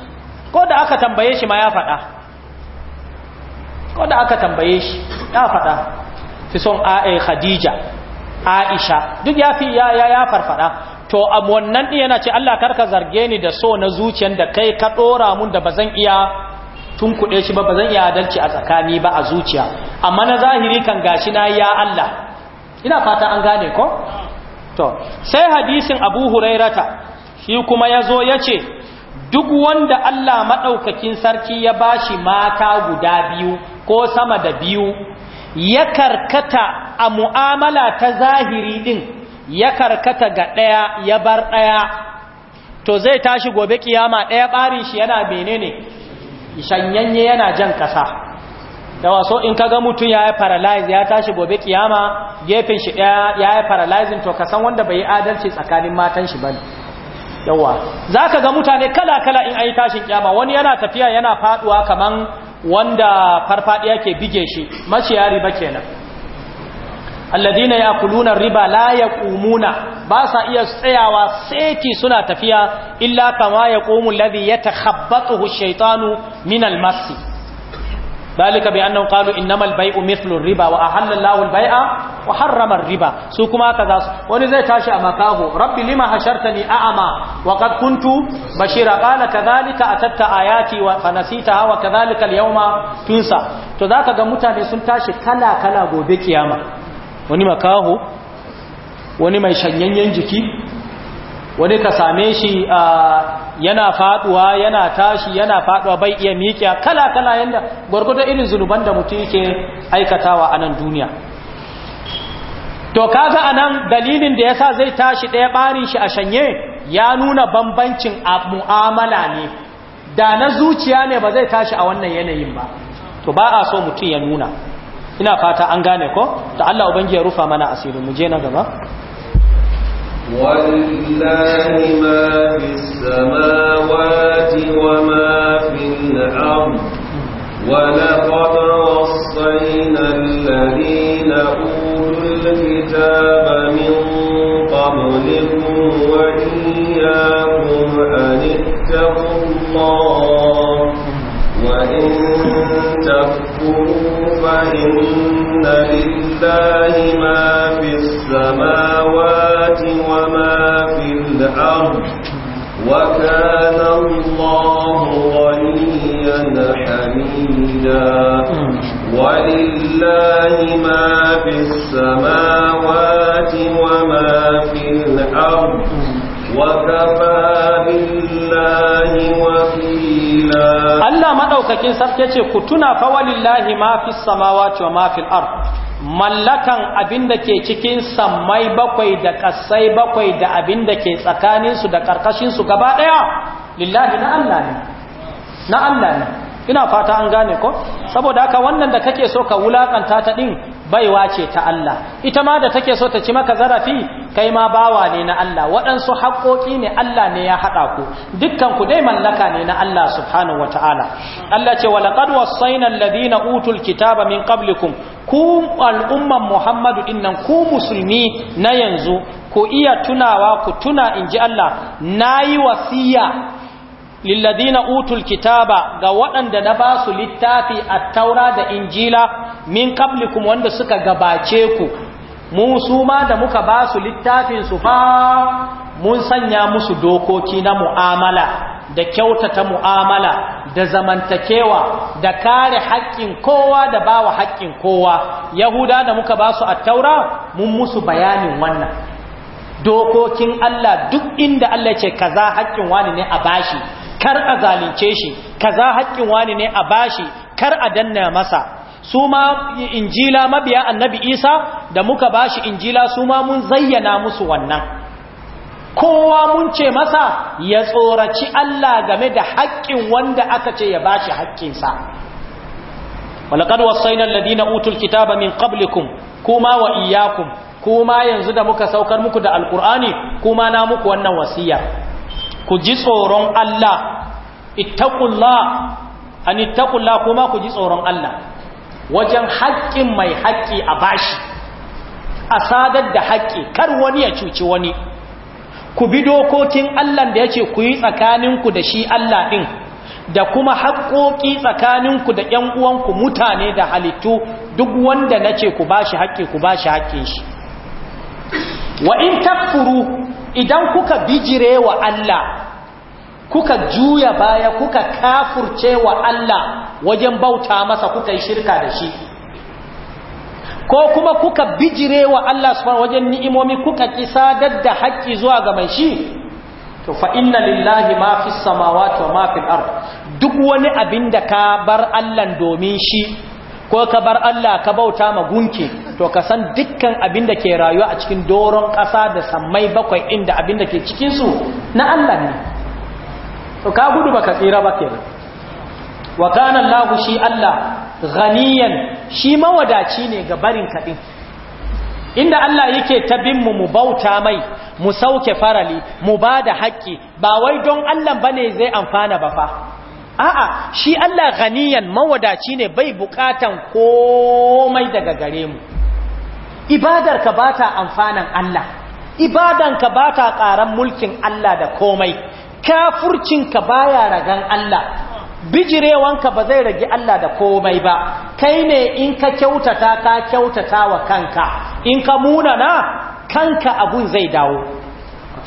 ko da aka tambaye shi ma ya faɗa ko da aka tambaye shi ya faɗa fi son a'a Khadija Aisha duk yafi ya ya ya farfada to abu wannan ɗin yana ce Allah karka zarge ni da so na zuciyar da kai ka ɗora mun da bazan iya tun kuɗe shi ba bazan iya adalci a tsakani ba a zuciya amma na zahiri kan gashi na ya Allah ina fata an gane ko to sai hadisin Abu Hurairata shi kuma yazo yace duk wanda Allah maɗaukakin sarki ya bashi mata guda biyu ko sama da biyu ya karkata a mu'amala ta zahiri din ya karkata ga ɗaya ya bar ɗaya to zai tashi gobe kiyama ɗaya ɓarin shi yana menene shanyanye yana jan ƙasa da waso in kaga mutum ya yi paralyze ya tashi gobe kiyama gefen shi ɗaya ya yi paralyze to kasan wanda bai yi adalci tsakanin matan shi bane yawa za ka ga mutane kala-kala in ayi tashin kiyama wani yana tafiya yana faduwa kaman wanda farfadiya ke bige shi maciyari ba kenan alladina yaquluna riba la yaqumuna ba sa iya tsayawa seti suna tafiya illa kama yaqumu alladhi yatakhabbathu ash-shaytanu min al-mass dalika bi annahu qalu innamal bay'u mithlu riba wa ahalla Allahu al-bay'a wa harrama riba su kuma kaza wani zai tashi a makaho rabbi lima hashartani a'ama wa qad kuntu bashira qala kadhalika atatta ayati wa fanasita wa kadhalika al-yawma tunsa to zaka ga mutane sun tashi kala kala gobe kiyama wani makaho wani mai shanyanyen jiki wani ka same shi yana faduwa yana tashi yana faduwa bai iya miƙiya kala-kala yadda gwargwado irin zunuban da mutum yake aikatawa a nan duniya to kaga a nan dalilin da yasa zai tashi ɗaya ɓarin shi a shanye ya nuna bambancin a mu'amala ne da na zuciya ne ba zai tashi a wannan yanayin ba to ba a so mutum ya nuna ina fata an gane ko da Allah ubangi ya rufa mana asirin mu je na gaba wallahi ma fis samawati wa ma fil ard wa laqad wassayna alladhina utul kitaba min qablikum wa iyyakum an ittaqullaha وإن تكفروا فإن لله ما في السماوات وما في الأرض وكان الله غنيا حميدا ولله ما في السماوات وما في الأرض وكفى بالله وكفى Allah madaukakin sarki yace ku tuna fa walillahi ma fis samawati wa ma fil ard mallakan abinda ke cikin sammai bakwai da kasai bakwai da abinda ke tsakanin su da karkashin su gaba daya lillahi na Allah ne na Allah ne ina fata an gane ko saboda haka wannan da kake so ka wulakanta ta din baiwa ce ta Allah ita ma da take so ta ci maka zarafi kai ma bawa ne na Allah waɗansu haƙoƙi ne Allah ne ya haɗa ku dukkan ku dai mallaka ne na Allah subhanahu wataala Allah ce walaqad wasaina alladhina utul kitaba min qablikum ku al'umman Muhammadu innan ku musulmi na yanzu ku iya tunawa ku tuna inji Allah nayi wasiya lilladina utul kitaba ga waɗanda na ba su littafi a taura da injila min kablikum wanda suka gabace ku mu su ma da muka ba su littafin su fa mun sanya musu dokoki na mu'amala da kyautata mu'amala da zamantakewa da kare haƙƙin kowa da bawa haƙƙin kowa yahuda da muka ba su a taura mun musu bayanin wannan dokokin Allah duk inda Allah ce kaza haƙƙin wani ne a bashi kar a zalunce shi kaza haƙƙin wani ne a bashi kar a danna masa su ma injila mabiya annabi isa da muka bashi injila su ma mun zayyana musu wannan kowa mun ce masa ya tsoraci Allah game da haƙƙin wanda aka ce ya bashi haƙƙinsa walaqad wasaina ladina utul kitaba min qablikum kuma wa iyyakum kuma yanzu da muka saukar muku da alkur'ani kuma na muku wannan wasiyar ku ji tsoron Allah ittaqullah an ittaqullah kuma ku ji tsoron Allah wajen haƙƙin mai haƙƙi a bashi a sadar da haƙƙi kar wani ya cuci wani ku bi dokokin Allah da yake ku yi tsakaninku da shi Allah din da kuma haƙoƙi tsakaninku da ‘yan uwanku mutane da halittu duk wanda na ku bashi haƙƙi ku bashi haƙƙin shi wa in takfuru idan kuka bijire wa Allah kuka juya baya kuka kafurce wa Allah wajen bauta masa kuka yi shirka da shi ko kuma kuka bijire wa Allah subhanahu wajen ni'imomi kuka sadar da haƙƙi zuwa ga mai shi to fa inna lillahi ma fi samawati wa ma ard duk wani abin da ka bar Allah domin shi ko ka bar Allah ka bauta ma gunki to ka san dukkan abin da ke rayuwa a cikin doron ƙasa da samai bakwai inda abin da ke cikinsu na Allah ne to ka gudu baka tsira ba ke wa kana Allah shi Allah ghaniyan shi mawadaci ne ga barin kadin inda Allah yake ta bin mu mu bauta mai mu sauke farali mu bada haƙƙi ba wai don Allah bane zai amfana ba fa a'a shi Allah ghaniyan mawadaci ne bai bukatan komai daga gare mu Ibadarka ka ba ta amfanan Allah ibadan ka ba ta ƙaran mulkin Allah da komai kafurcin ka ya ragan Allah bijirewanka ba zai ragi Allah da komai ba kai ne in ka kyautata ka kyautata wa kanka in ka munana kanka abun zai dawo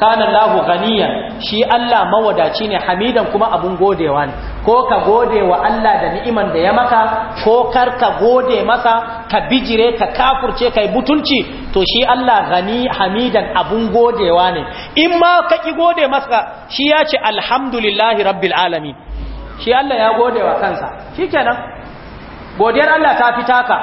kana lahu ganiya shi Allah mawadaci ne hamidan kuma abun godewa ne ko ka gode wa Allah da ni'iman da ya maka ko kar ka gode masa ka bijire ka kafurce kai butulci to shi Allah gani hamidan abun godewa ne in ma ka ki gode masa shi ya ce alhamdulillahi rabbil alamin shi Allah ya gode kansa shikenan godiyar Allah ta fitaka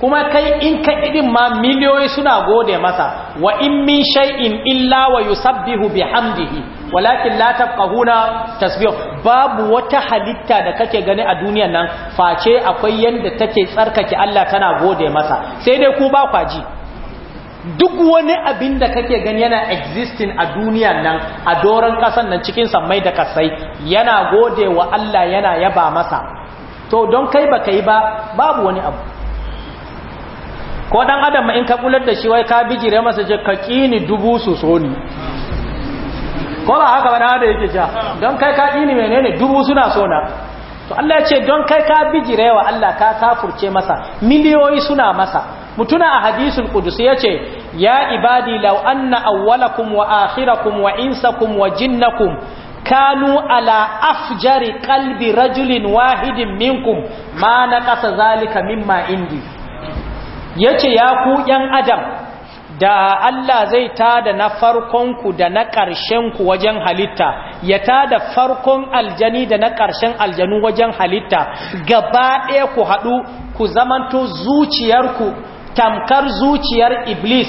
kuma kai in ka idin ma miliyoyi suna gode masa wa in min shay'in illa wa yusabbihu bihamdihi walakin la tafqahuna tasbih babu wata halitta da kake gani a duniyan nan face akwai yanda take tsarkake Allah tana gode masa sai dai ku ba kwaji duk wani abin da kake gani yana existing a duniyan nan a doron kasan nan cikin samai da kasai yana gode wa Allah yana yaba masa to don kai baka yi ba babu wani abu ko dan adam in ka kular da shi wai ka bijire masa ce ka kini dubu su so ni ko ba haka ba da yake ja don kai ka kini menene dubu suna so na to Allah ya ce don kai ka bijire wa Allah ka kafurce masa miliyoyi suna masa mutuna a hadisul qudsi yace ya ibadi law anna awwalakum wa akhirakum wa insakum wa jinnakum kanu ala afjari qalbi rajulin wahidin minkum ma naqasa zalika mimma indi Yace ce ya ku ‘yan adam da Allah zai ta da na farkonku da na ƙarshenku wajen halitta ya ta da farkon aljani da na ƙarshen aljanu wajen halitta gaba ɗaya ku haɗu ku zamanto zuciyarku tamkar zuciyar iblis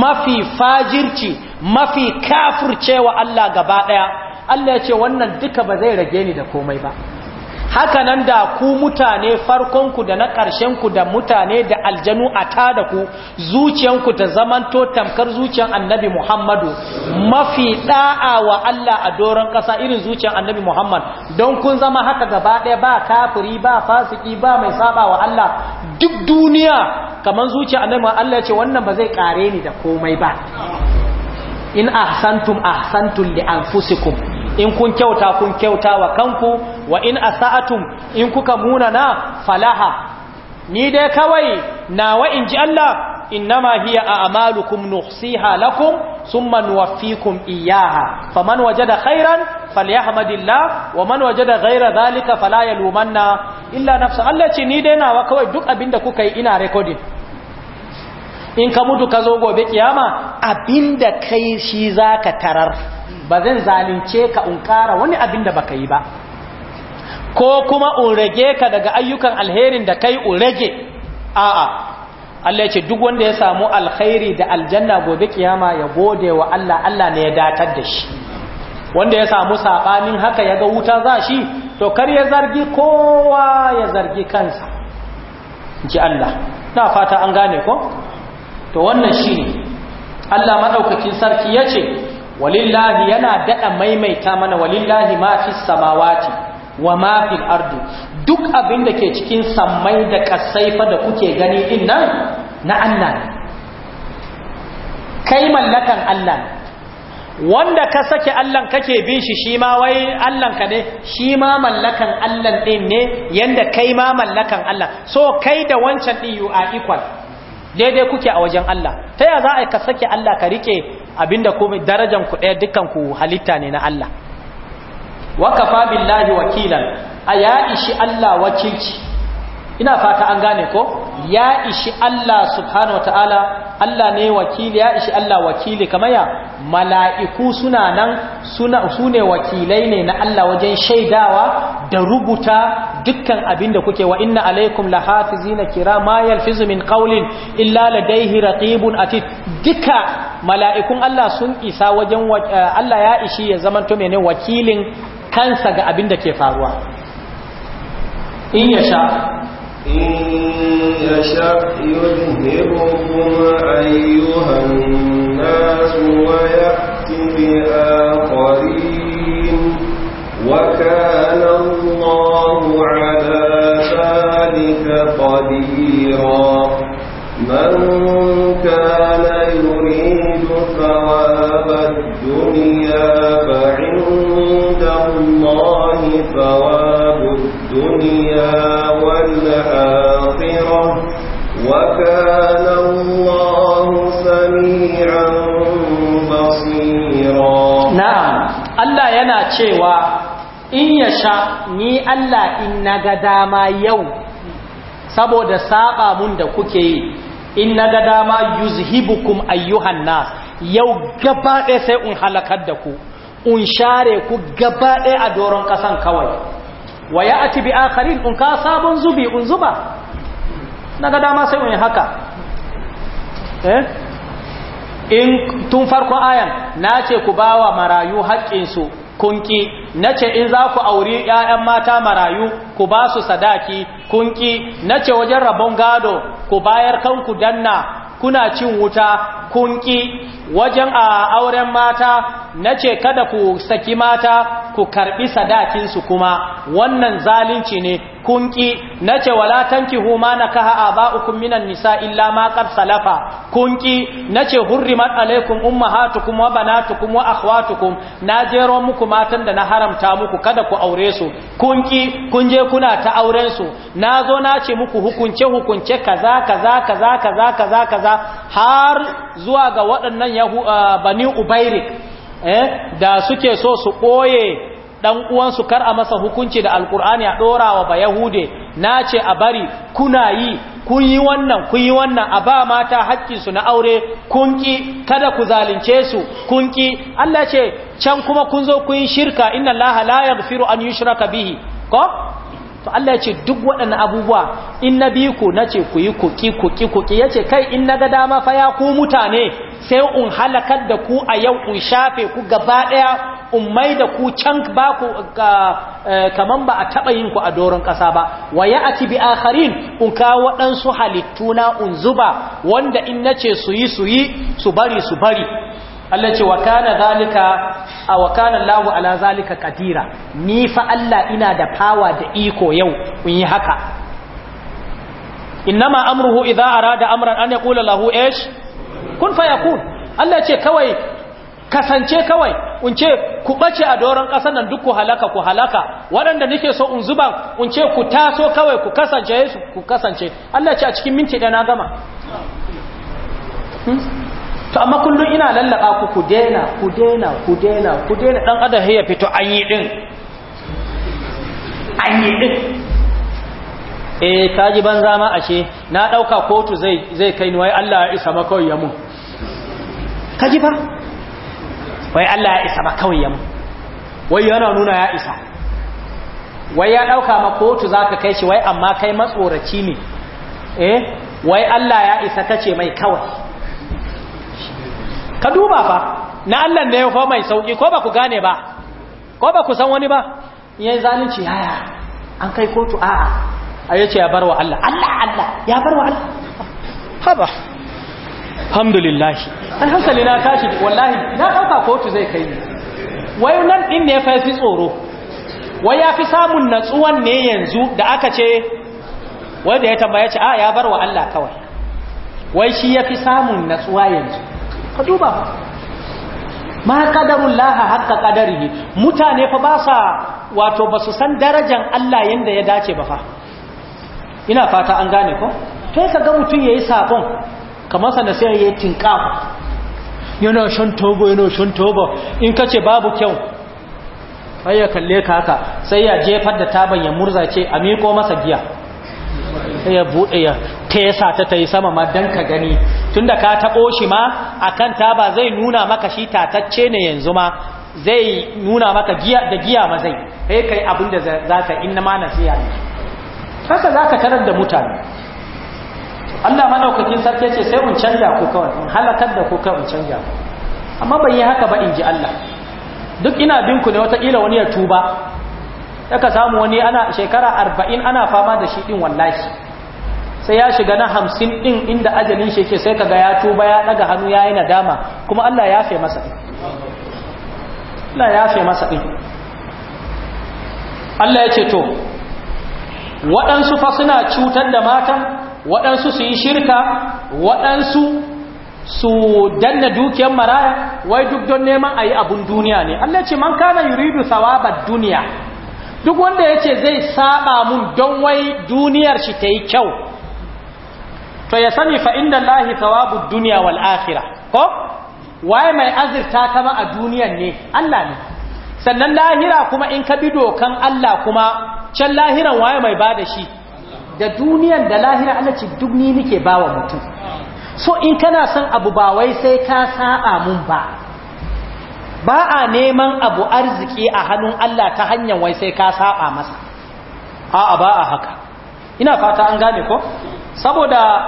mafi fajirci mafi kafurcewa Allah gaba ɗaya Allah ya ce wannan duka ba zai rage ni da komai ba haka nan da ku mutane farkon ku da na ƙarshen ku da mutane da aljanu a ta da ku zuciyanku ta zamanto tamkar zuciyan annabi Muhammadu mafi ɗa'a wa Allah a doron ƙasa irin zuciyan annabi Muhammad don kun zama haka gaba ɗaya ba kafiri ba fasiki ba mai saba wa Allah duk duniya kamar zuciyan annabi Allah ya ce wannan ba zai ƙare ni da komai ba in ahsantum ahsantum li anfusikum in kun kyauta kun kyauta wa kanku wa in asa'atum in kuka munana falaha ni dai kawai nawa in ji Allah innama hiya a'malukum nuhsiha lakum thumma nuwaffikum iyyaha faman wajada khairan falyahmadillah wa man wajada ghaira dhalika fala yalumanna illa nafsa Allah ce ni dai nawa kawai duk abinda kuka yi ina recording in ka mutu ka zo gobe kiyama abinda kai shi zaka tarar ba zan zalunce ka unkara wani abinda baka yi ba ko kuma in ka daga ayyukan alherin da kai unrage. a'a Allah ce duk wanda ya samu alkhairi da aljanna gobe kiyama ya gode wa Allah Allah ne ya datar da shi wanda ya samu sabanin haka ya ga wuta za shi to kar ya zargi kowa ya zargi kansa ji Allah na fata an gane ko to wannan shine Allah madaukakin sarki yace walillahi yana dada maimaita mana walillahi ma fis samawati wa ma fil ardi duk abin da ke cikin sammai da kasaifa da kuke gani din nan na Allah kai mallakan Allah ne wanda ka sake Allah kake bin shi shi ma wai Allah ka ne shi ma mallakan Allah din ne yanda kai ma mallakan Allah so kai da wancan din you are equal daidai kuke a wajen Allah ta ya za a ka sake Allah ka rike abinda komai darajan ku ɗaya dukkan ku halitta ne na Allah wa kafa billahi wakilan a ya ishi Allah wakilci ina fata an gane ko ya ishi Allah subhanahu wataala Allah ne wakili ya ishi Allah wakili kamar ya mala'iku suna nan suna sune wakilai ne na Allah wajen shaidawa da rubuta dukkan abin da kuke wa inna alaikum lahafizina kirama yalfizu min qawlin illa ladayhi raqibun atid duka mala'ikun Allah sun isa wajen eh, Allah ya ishi ya zamanto mene wakilin kansa ga abin da ke faruwa in ya sha in ya sha yi yuzhibukum ayyuhan nas wa ya'ti bi iya sha ni Allah in na ga dama yau saboda saba mun da kuke yi in na ga dama yuzhibukum ayyuhan nas yau gaba ɗaya sai un halakar da ku un share ku gaba ɗaya a doron ƙasan kawai wa ya ati bi akharin un ka sabon zubi un zuba na ga dama sai un haka eh in tun farko ayan na ce ku bawa marayu haƙƙinsu kunki Nace in za ku auri ‘ya'yan mata marayu ku ba su sadaki kunki na ce wajen rabon gado ku bayar kanku danna kuna cin wuta kunki wajen a auren mata na ce kada ku saki mata ku karbi sadakinsu kuma wannan zalunci ne kunki nace wala tankihu ma nakaha aba'ukum minan nisa illa ma qad salafa kunki nace hurrimat alaikum ummahatukum wa banatukum wa akhwatukum najero muku matan da na haramta muku kada ku aure su kunki kun je kuna ta auren su nazo nace muku hukunce hukunce kaza kaza kaza kaza kaza kaza har zuwa ga waɗannan yahu uh, bani ubairik Eh, da suke so su ɓoye ɗan uwansu kar a masa hukunci da alkur'ani a ɗorawa ba yahude na ce a bari kuna yi kun yi wannan kun yi wannan a ba mata haƙƙinsu na aure kun ki kada ku zalunce su kun ki Allah ce can kuma kun zo kun yi shirka inna Allah la yaghfiru an yushraka bihi ko to Allah ya ce duk waɗannan abubuwa in na bi ku na ce ku yi kuki kuki kuki ya ce kai in na ga dama fa ya ku mutane sai in halakar da ku a yau in shafe ku gaba ɗaya in mai da ku can ba ku eh, kaman ba a taɓa yin ku a doron ƙasa ba wa ya ati bi akharin in kawo waɗansu halittuna na in zuba wanda in nace ce su yi su yi su bari su bari Allah ce wa kana zalika a wa kana Allahu ala zalika kadira ni fa Allah ina da power da iko yau kun yi haka innama amruhu idza arada amran an yaqula lahu ish kun fayakun Allah ce kawai kasance kawai in ce ku bace a doron kasar nan duk ku halaka ku halaka waɗanda nake so in zuba in ce ku taso kawai ku kasance ku kasance Allah ce a cikin minti ɗaya na gama hmm? to amma kullum ina lallaba ku ku daina ku daina ku daina ku daina dan adam ya fito an yi din an yi din eh kaji banza ma ashe na dauka kotu zai zai kai ni wai Allah ya isa ma kawai ya mun kaji fa wai Allah ya isa ma kawai ya mun wai yana nuna ya isa wai ya dauka ma kotu zaka kai shi wai amma kai matsoraci ne eh wai Allah ya isa kace mai kawai ka duba fa na Allah ne ya fa mai sauki ko ba ku gane ba ko ba ku san wani ba yayin zalunci yaya an kai kotu a'a a ce ya barwa Allah Allah Allah ya barwa Allah haba alhamdulillah an hankali na tashi wallahi na ɗauka kotu zai kai ni wai nan din ne fa fi tsoro wai ya fi samun natsuwan ne yanzu da aka ce wai da ya tambaya ce a ya barwa Allah kawai wai shi ya fi samun natsuwa yanzu ka duba ma qadarullaha haqqa qadarihi mutane fa ba sa wato ba su san darajan Allah yanda ya dace ba fa ina fata an gane ko to ka ga mutum yayi sakon kamar sa da sai yayi tinkafa yana shan togo yana shan togo in ka ce babu kyau ai kalle ka haka sai ya jefar da taban ya murza ce a miƙo masa giya sai ya buɗe ya tesa ta ta yi sama ma dan ka gani tunda ka taɓo shi ma a kan taba zai nuna maka shi tatacce ne yanzu ma zai nuna maka da giya ma zai sai kai abin da za ka inna ma siya ne haka za ka tarar da mutane Allah ma madaukakin sarki ce sai in canja ku kawai in halakar da ku kawai in canja ku amma ban yi haka ba in ji Allah duk ina bin ku ne wataƙila wani ya tuba daga samu wani ana shekara arba'in ana fama da shi ɗin wallahi sai ya shiga na hamsin ɗin inda ajalin shi yake sai ga ya tuba ya ɗaga hannu ya yi nadama kuma Allah ya fe masa ɗin Allah ya fe masa ɗin Allah ya ce to waɗansu fa suna cutar da matan waɗansu su yi shirka waɗansu su danna dukiyar maraya wai duk don neman a yi abun duniya ne Allah ce man kana yuridu sawabar duniya duk wanda ya ce zai saba mun don wai duniyar shi ta yi kyau to ya sani fa inda lahi thawabud dunya wal akhirah ko waye mai azirta kama a duniyan ne Allah ne sannan lahira kuma in ka bi dokan Allah kuma can lahiran waye mai bada shi da duniyan da lahira Allah ce duk ni nake bawa mutum so in kana son abu ba wai sai ka sa'a mun ba ba a neman abu arziki a hannun Allah ta hanyar wai sai ka sa'a masa a'a ba a haka ina fata an gane ko saboda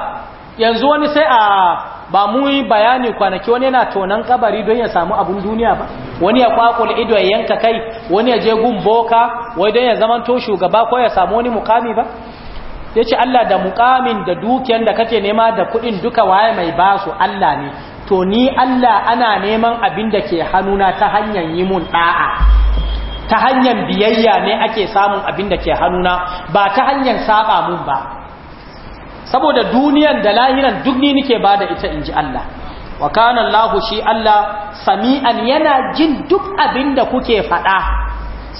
yanzu wani sai a ba mu yi bayani kwanaki wani yana tonan kabari don ya samu abun duniya ba wani ya kwakula ido ya yanka kai wani ya je gun boka wai don ya zamanto shugaba ko ya samu wani mukami ba ya ce Allah da mukamin da dukiyar da kake nema da kuɗin duka waye mai basu Allah ne to ni Allah ana neman abin da ke hannuna ta hanyar yi mun ɗa'a ta hanyar biyayya ne ake samun abin da ke hannuna ba ta hanyar saba mun ba saboda duniyan da lahiran duk ni nike bada ita inji Allah wa kana Allah shi Allah sami'an yana jin duk abinda kuke faɗa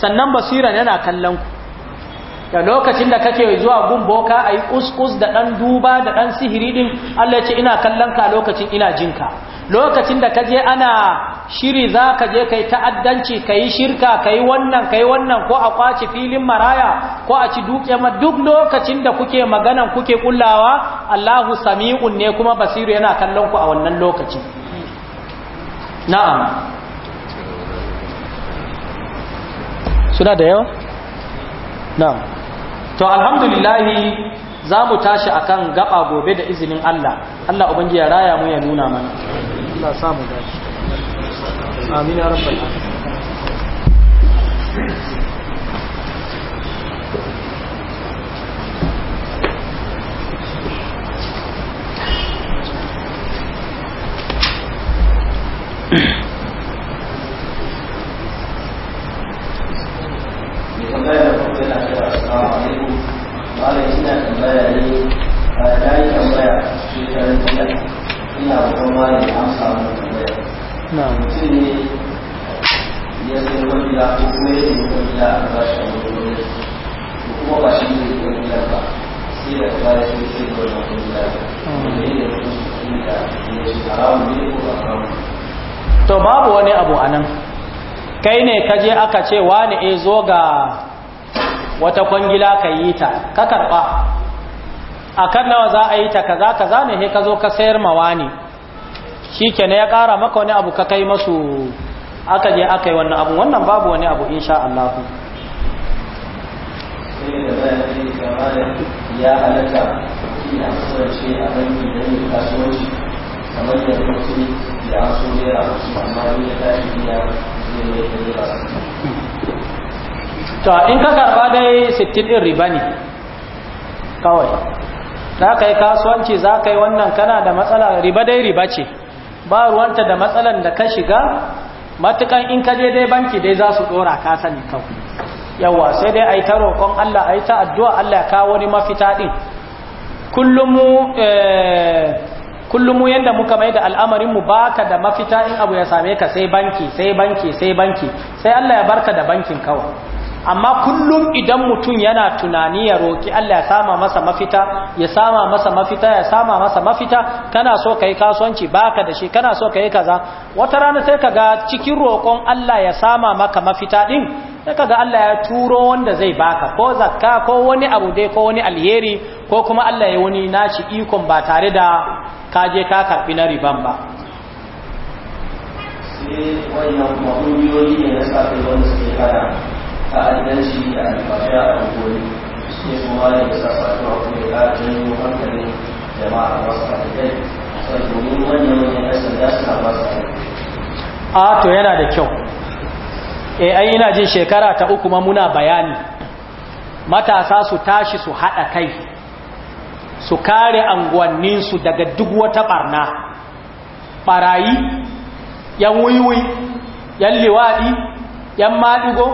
sannan basiran yana kallon ku da lokacin da kake zuwa gun boka a yi kuskus da ɗan duba da ɗan sihiri ɗin Allah ce ina kallon ka lokacin ina jinka lokacin da kaje ana shiri za ka je kai ta'addanci ka shirka ka wannan ka wannan ko a kwaci filin maraya ko a ci duke ma duk lokacin da kuke magana kuke kullawa Allahu sami'un ne kuma basiru yana kallon ku a wannan lokacin na'am suna da yawa na'am to alhamdulillahi za mu tashi akan gaba gobe da izinin Allah Allah ubangi ya raya mu ya nuna mana Allah sa mu dace amin ya rabbal alamin ina tambaya ne na yi tambaya shekarun jiya ina kuma ne amsa wani tambaya mutum ne ya sai wani ya ko kuma ya sai wani ya a bashi wani wani kuma ba shi ne wani ya ba sai da ba ya sai sai wani wani ya wanda ya yi mutum da ya shi haramun ne ko ba haramun to babu wani abu a nan kai ne kaje aka ce wani e eh, zo ga wata kwangila ka yi ta ka karɓa a kan nawa za a yi ta ka za ka za ne he ka zo ka sayar mawa ne shi ke ne ya ƙara maka wani abu ka kai masu aka je aka yi wannan abu wannan babu wani abu insha Allah ya halatta ya a banki yi kamar da mutum ya to in ka karba dai 60 din riba ne kawai za ka yi kasuwanci za ka yi wannan kana da matsala riba dai riba ce ba ruwanta da matsalan da ka shiga matukan in ka je dai banki dai za su dora ka sani kawai yawa sai dai a yi ta roƙon Allah a yi ta addu'a Allah ya kawo wani mafita ɗin kullum eh, yadda muka mai da al'amarinmu ba ka da mafita in abu ya same ka sai banki sai banki sai banki sai Allah ya barka da bankin kawai amma kullum idan mutum yana tunani ya roki Allah ya sama masa mafita ya sama masa mafita ya sama masa mafita kana so kai kasuwanci baka da shi kana so kai kaza wata rana sai kaga cikin roƙon Allah ya sama maka mafita din sai kaga Allah ya turo wanda zai baka ko zakka ko wani abu dai ko wani alheri ko kuma Allah ya wani nashi ikon ba tare da ka je ka karbi na riban ba sai wannan a to yana da kyau eh ai ina jin shekara ta uku ma muna bayani matasa su tashi su haɗa kai su kare anguwanninsu daga duk wata ɓarna ɓarayi yan wiwi yan liwadi, yan maɗigo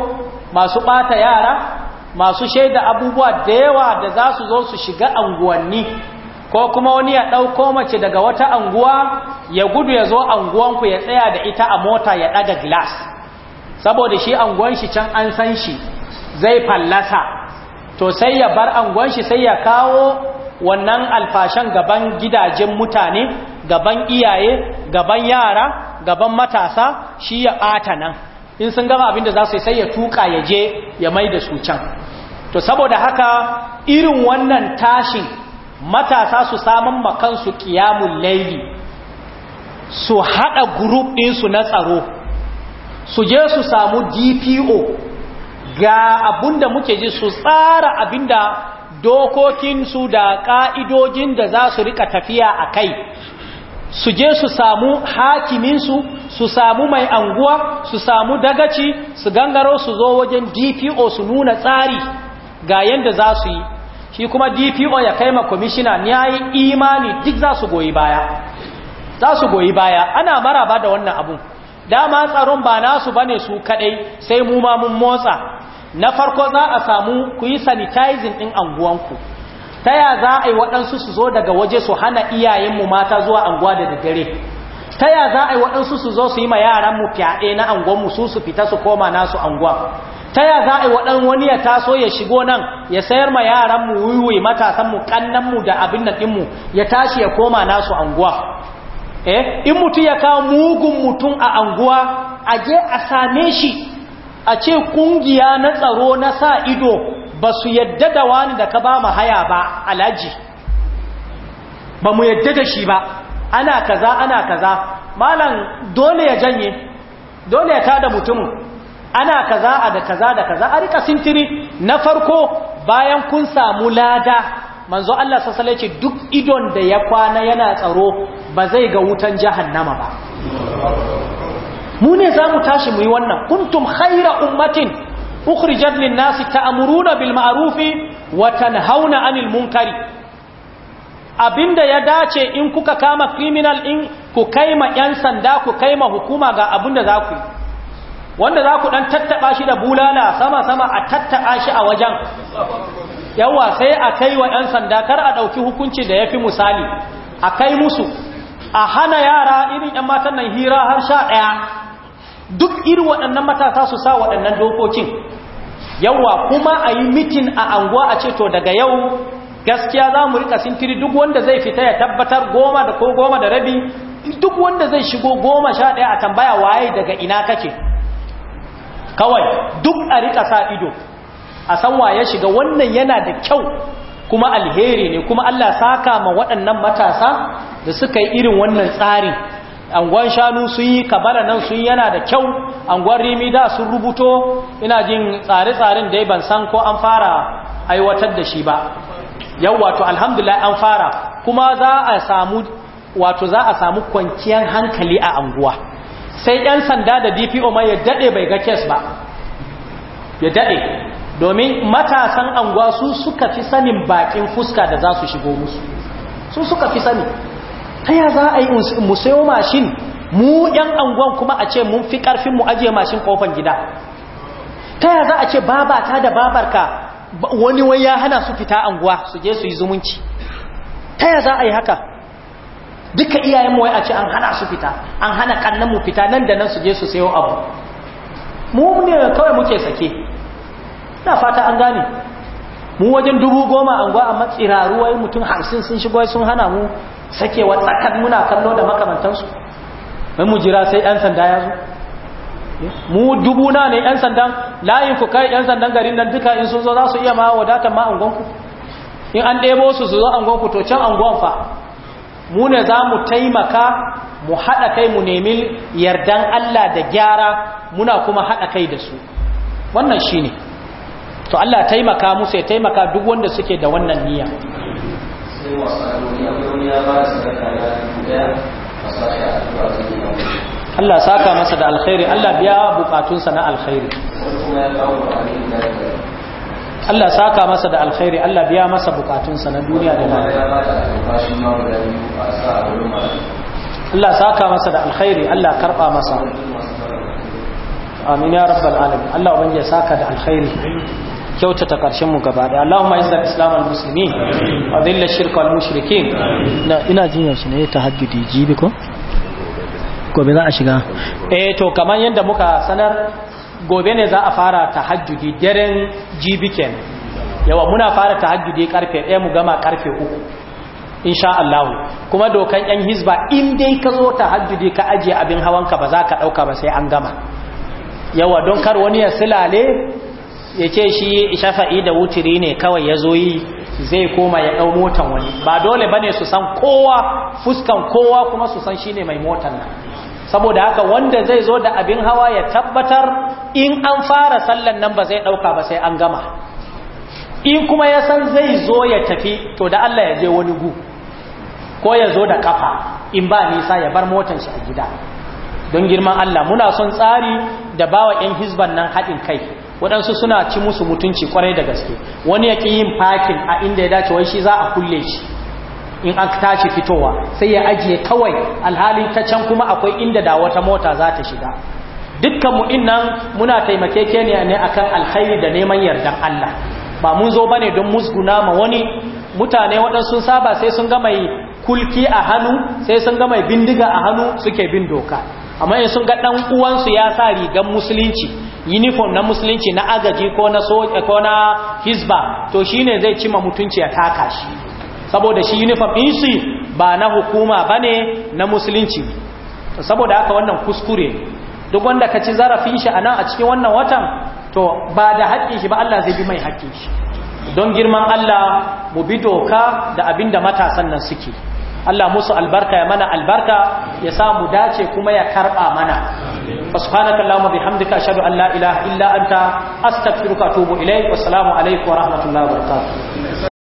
masu ɓata yara masu shaida abubuwa da yawa da za su zo su shiga anguwanni ko kuma wani ya ɗauko mace daga wata anguwa ya gudu ya zo anguwanku ya tsaya da ita a mota ya ɗaga glass saboda shi anguwan shi can an san shi zai fallasa to sai ya bar anguwan shi sai ya kawo wannan alfashan gaban gidajen mutane gaban iyaye gaban yara gaban matasa shi ya ɓata nan in sun gama abinda za su yi sai ya tuka ya je ya mai da su can to saboda haka irin wannan tashin matasa su samun makansu kiyamun laili su haɗa grup ɗinsu na tsaro su je su samu dpo ga abinda muke ji su tsara abinda dokokinsu da ƙa'idojin da za su rika tafiya a kai su je su samu hakiminsu su samu mai anguwa su samu dagaci su gangaro su zo wajen dpo su nuna tsari ga yadda za su yi shi kuma dpo ya kai ma kwamishina ya yi imani duk za su goyi baya za su goyi baya ana maraba da wannan abun dama tsaron ba nasu bane su kadai sai mu ma mun motsa na farko za a samu ku yi sanitizing din anguwanku ta ya za a yi waɗansu su zo daga waje su hana iyayenmu mata zuwa anguwa da daddare ta ya za a yi waɗansu su zo su yi ma yaranmu fyaɗe na anguwanmu su su fita su koma nasu anguwa ta ya za a yi waɗan wani ya taso ya shigo nan ya sayar ma yaranmu wiwi matasanmu ƙannanmu da abin nan ɗinmu ya tashi ya koma nasu anguwa eh in mutum ya kawo mugun mutum a anguwa a je a same shi a ce ƙungiya na tsaro na sa ido ba su yadda da wani da ka ba mu haya ba alaji ba mu yadda da shi ba ana kaza ana kaza malam dole ya janye dole ya tada mutum ana kaza a da kaza da kaza a rika sintiri na farko bayan kun samu lada manzo Allah sassale ce duk idon da ya kwana yana tsaro ba zai ga wutan jahannama ba mu ne za mu tashi mu yi wannan kuntum khaira ummatin ukhrijat lin nasi ta'muruna bil watan hauna 'anil munkari abinda ya dace in kuka kama criminal in ku kaima yan sanda ku kaima hukuma ga abinda za ku yi wanda za ku dan tattaba shi da bulala sama sama a tattaba shi a wajen yawa sai a kai wa yan sanda kar a dauki hukunci da ya fi misali a kai musu a hana yara irin yan matan nan hira har sha daya duk irin waɗannan matasa su sa waɗannan dokokin yawa kuma a yi mitin a anguwa a ce to daga yau gaskiya za mu rika sintiri duk wanda zai fita ya tabbatar goma da ko goma da rabi duk wanda zai shigo goma sha ɗaya a tambaya waye daga ina kake kawai duk a rika sa ido a san waye shiga wannan yana da kyau kuma alheri ne kuma Allah saka ma waɗannan matasa da suka yi irin wannan tsarin anguwan shanu su yi kabara nan su yana da kyau anguwan rimi da sun rubuto ina jin tsare-tsaren dai ban san ko an fara aiwatar da shi ba yau wato alhamdulillah an fara kuma za a samu wato za a samu kwanciyan hankali a anguwa sai 'yan sanda da dpo ma ya dade bai ga kes ba ya dade domin matasan anguwa su suka fi sanin bakin fuska da za su shigo musu su suka fi sani ta ya za a yi mu sayo mashin mu yan angon kuma a ce mun fi karfin mu ajiye mashin kofan gida ta ya za a ce babata da babarka wani wai ya hana su fita anguwa su je su yi zumunci ta ya za a yi haka duka iyayenmu wai a ce an hana su fita an hana kannan mu fita nan da nan su je su sayo abu mu ne kawai muke sake ina fata an gane mu wajen dubu goma an gwa amma tsiraru wai mutum hamsin sun shigo sun hana mu sake wa tsakar muna kallo da makamantansu mai mu jira sai yan sanda ya zo mu dubu na ne yan sandan layin ku kai yan sandan garin nan duka in sun zo za su iya ma wadatar ma gwanku in an ɗebo su su zo gwanku to can an fa mu ne za mu taimaka mu haɗa kai mu nemi yardan Allah da gyara muna kuma haɗa kai da su wannan shi ne to Allah taimaka musu ya taimaka duk wanda suke da wannan niyya Allah saka masa da alkhairi Allah biya bukatunsa na alkhairi Allah saka masa da alkhairi Allah biya masa bukatunsa na duniya da lafiya Allah saka masa da alkhairi Allah karba masa amin ya rabbal alamin Allah ubangiji saka da alkhairi kyautata karshen mu gaba da Allahumma izzil islam al muslimin wa dhilla shirka al mushrikin ina jin yaushe ne tahajjudi jibi ko gobe za a shiga eh to kamar yadda muka sanar gobe ne za a fara tahajjudi daren jibi ken yawa muna fara tahajjudi karfe 1 mu gama karfe 3 insha Allah kuma dokan yan hizba in dai ka zo tahajjudi ka aje abin hawanka ba za ka dauka ba sai an gama yawa don kar wani ya silale ya ce shi shafa'i da wuturi ne kawai ya zo yi zai koma ya ɗau motan wani ba dole ba ne su san kowa fuskan kowa kuma su san shi ne mai motan nan saboda haka wanda zai zo da abin hawa ya tabbatar in an fara sallan nan ba zai ɗauka ba sai an gama in kuma ya san zai zo ya tafi to da Allah ya je wani gu ko ya zo da kafa in ba nisa ya bar motan shi a gida don girman Allah muna son tsari da bawa 'yan hizban nan haɗin kai waɗansu suna ci musu mutunci kwarai da gaske wani ya ƙi yin fakin a inda ya dace wai shi za a kulle shi in an tashi fitowa sai ya ajiye kawai alhali ta can kuma akwai inda da wata mota za ta shiga dukkanmu innan muna taimake taimakekeniya ne akan alhairi da neman yardan Allah ba mun zo ba ne don musguna ma wani mutane waɗansu saba sai sun ga mai kulki a hannu sai sun ga mai bindiga a hannu suke bin doka amma in sun ga ɗan uwansu ya sa rigan musulunci uniform na musulunci na agaji ko na soja ko na hisba to shine zai cima mutunci ya taka shi saboda shi uniform din shi ba na hukuma bane na musulunci saboda haka wannan kuskure duk wanda ka ci zarafin shi anan a cikin wannan watan to ba da haƙƙin shi ba Allah zai bi mai haƙƙin shi don girman Allah mu bi doka da abinda matasan nan suke Allah musu albarka ya mana albarka ya sa mu dace kuma ya karba mana subhanaka allahumma bihamdika ashhadu an la ilaha illa anta astaghfiruka wa atubu ilayk wa assalamu alaikum wa rahmatullahi wa barakatuh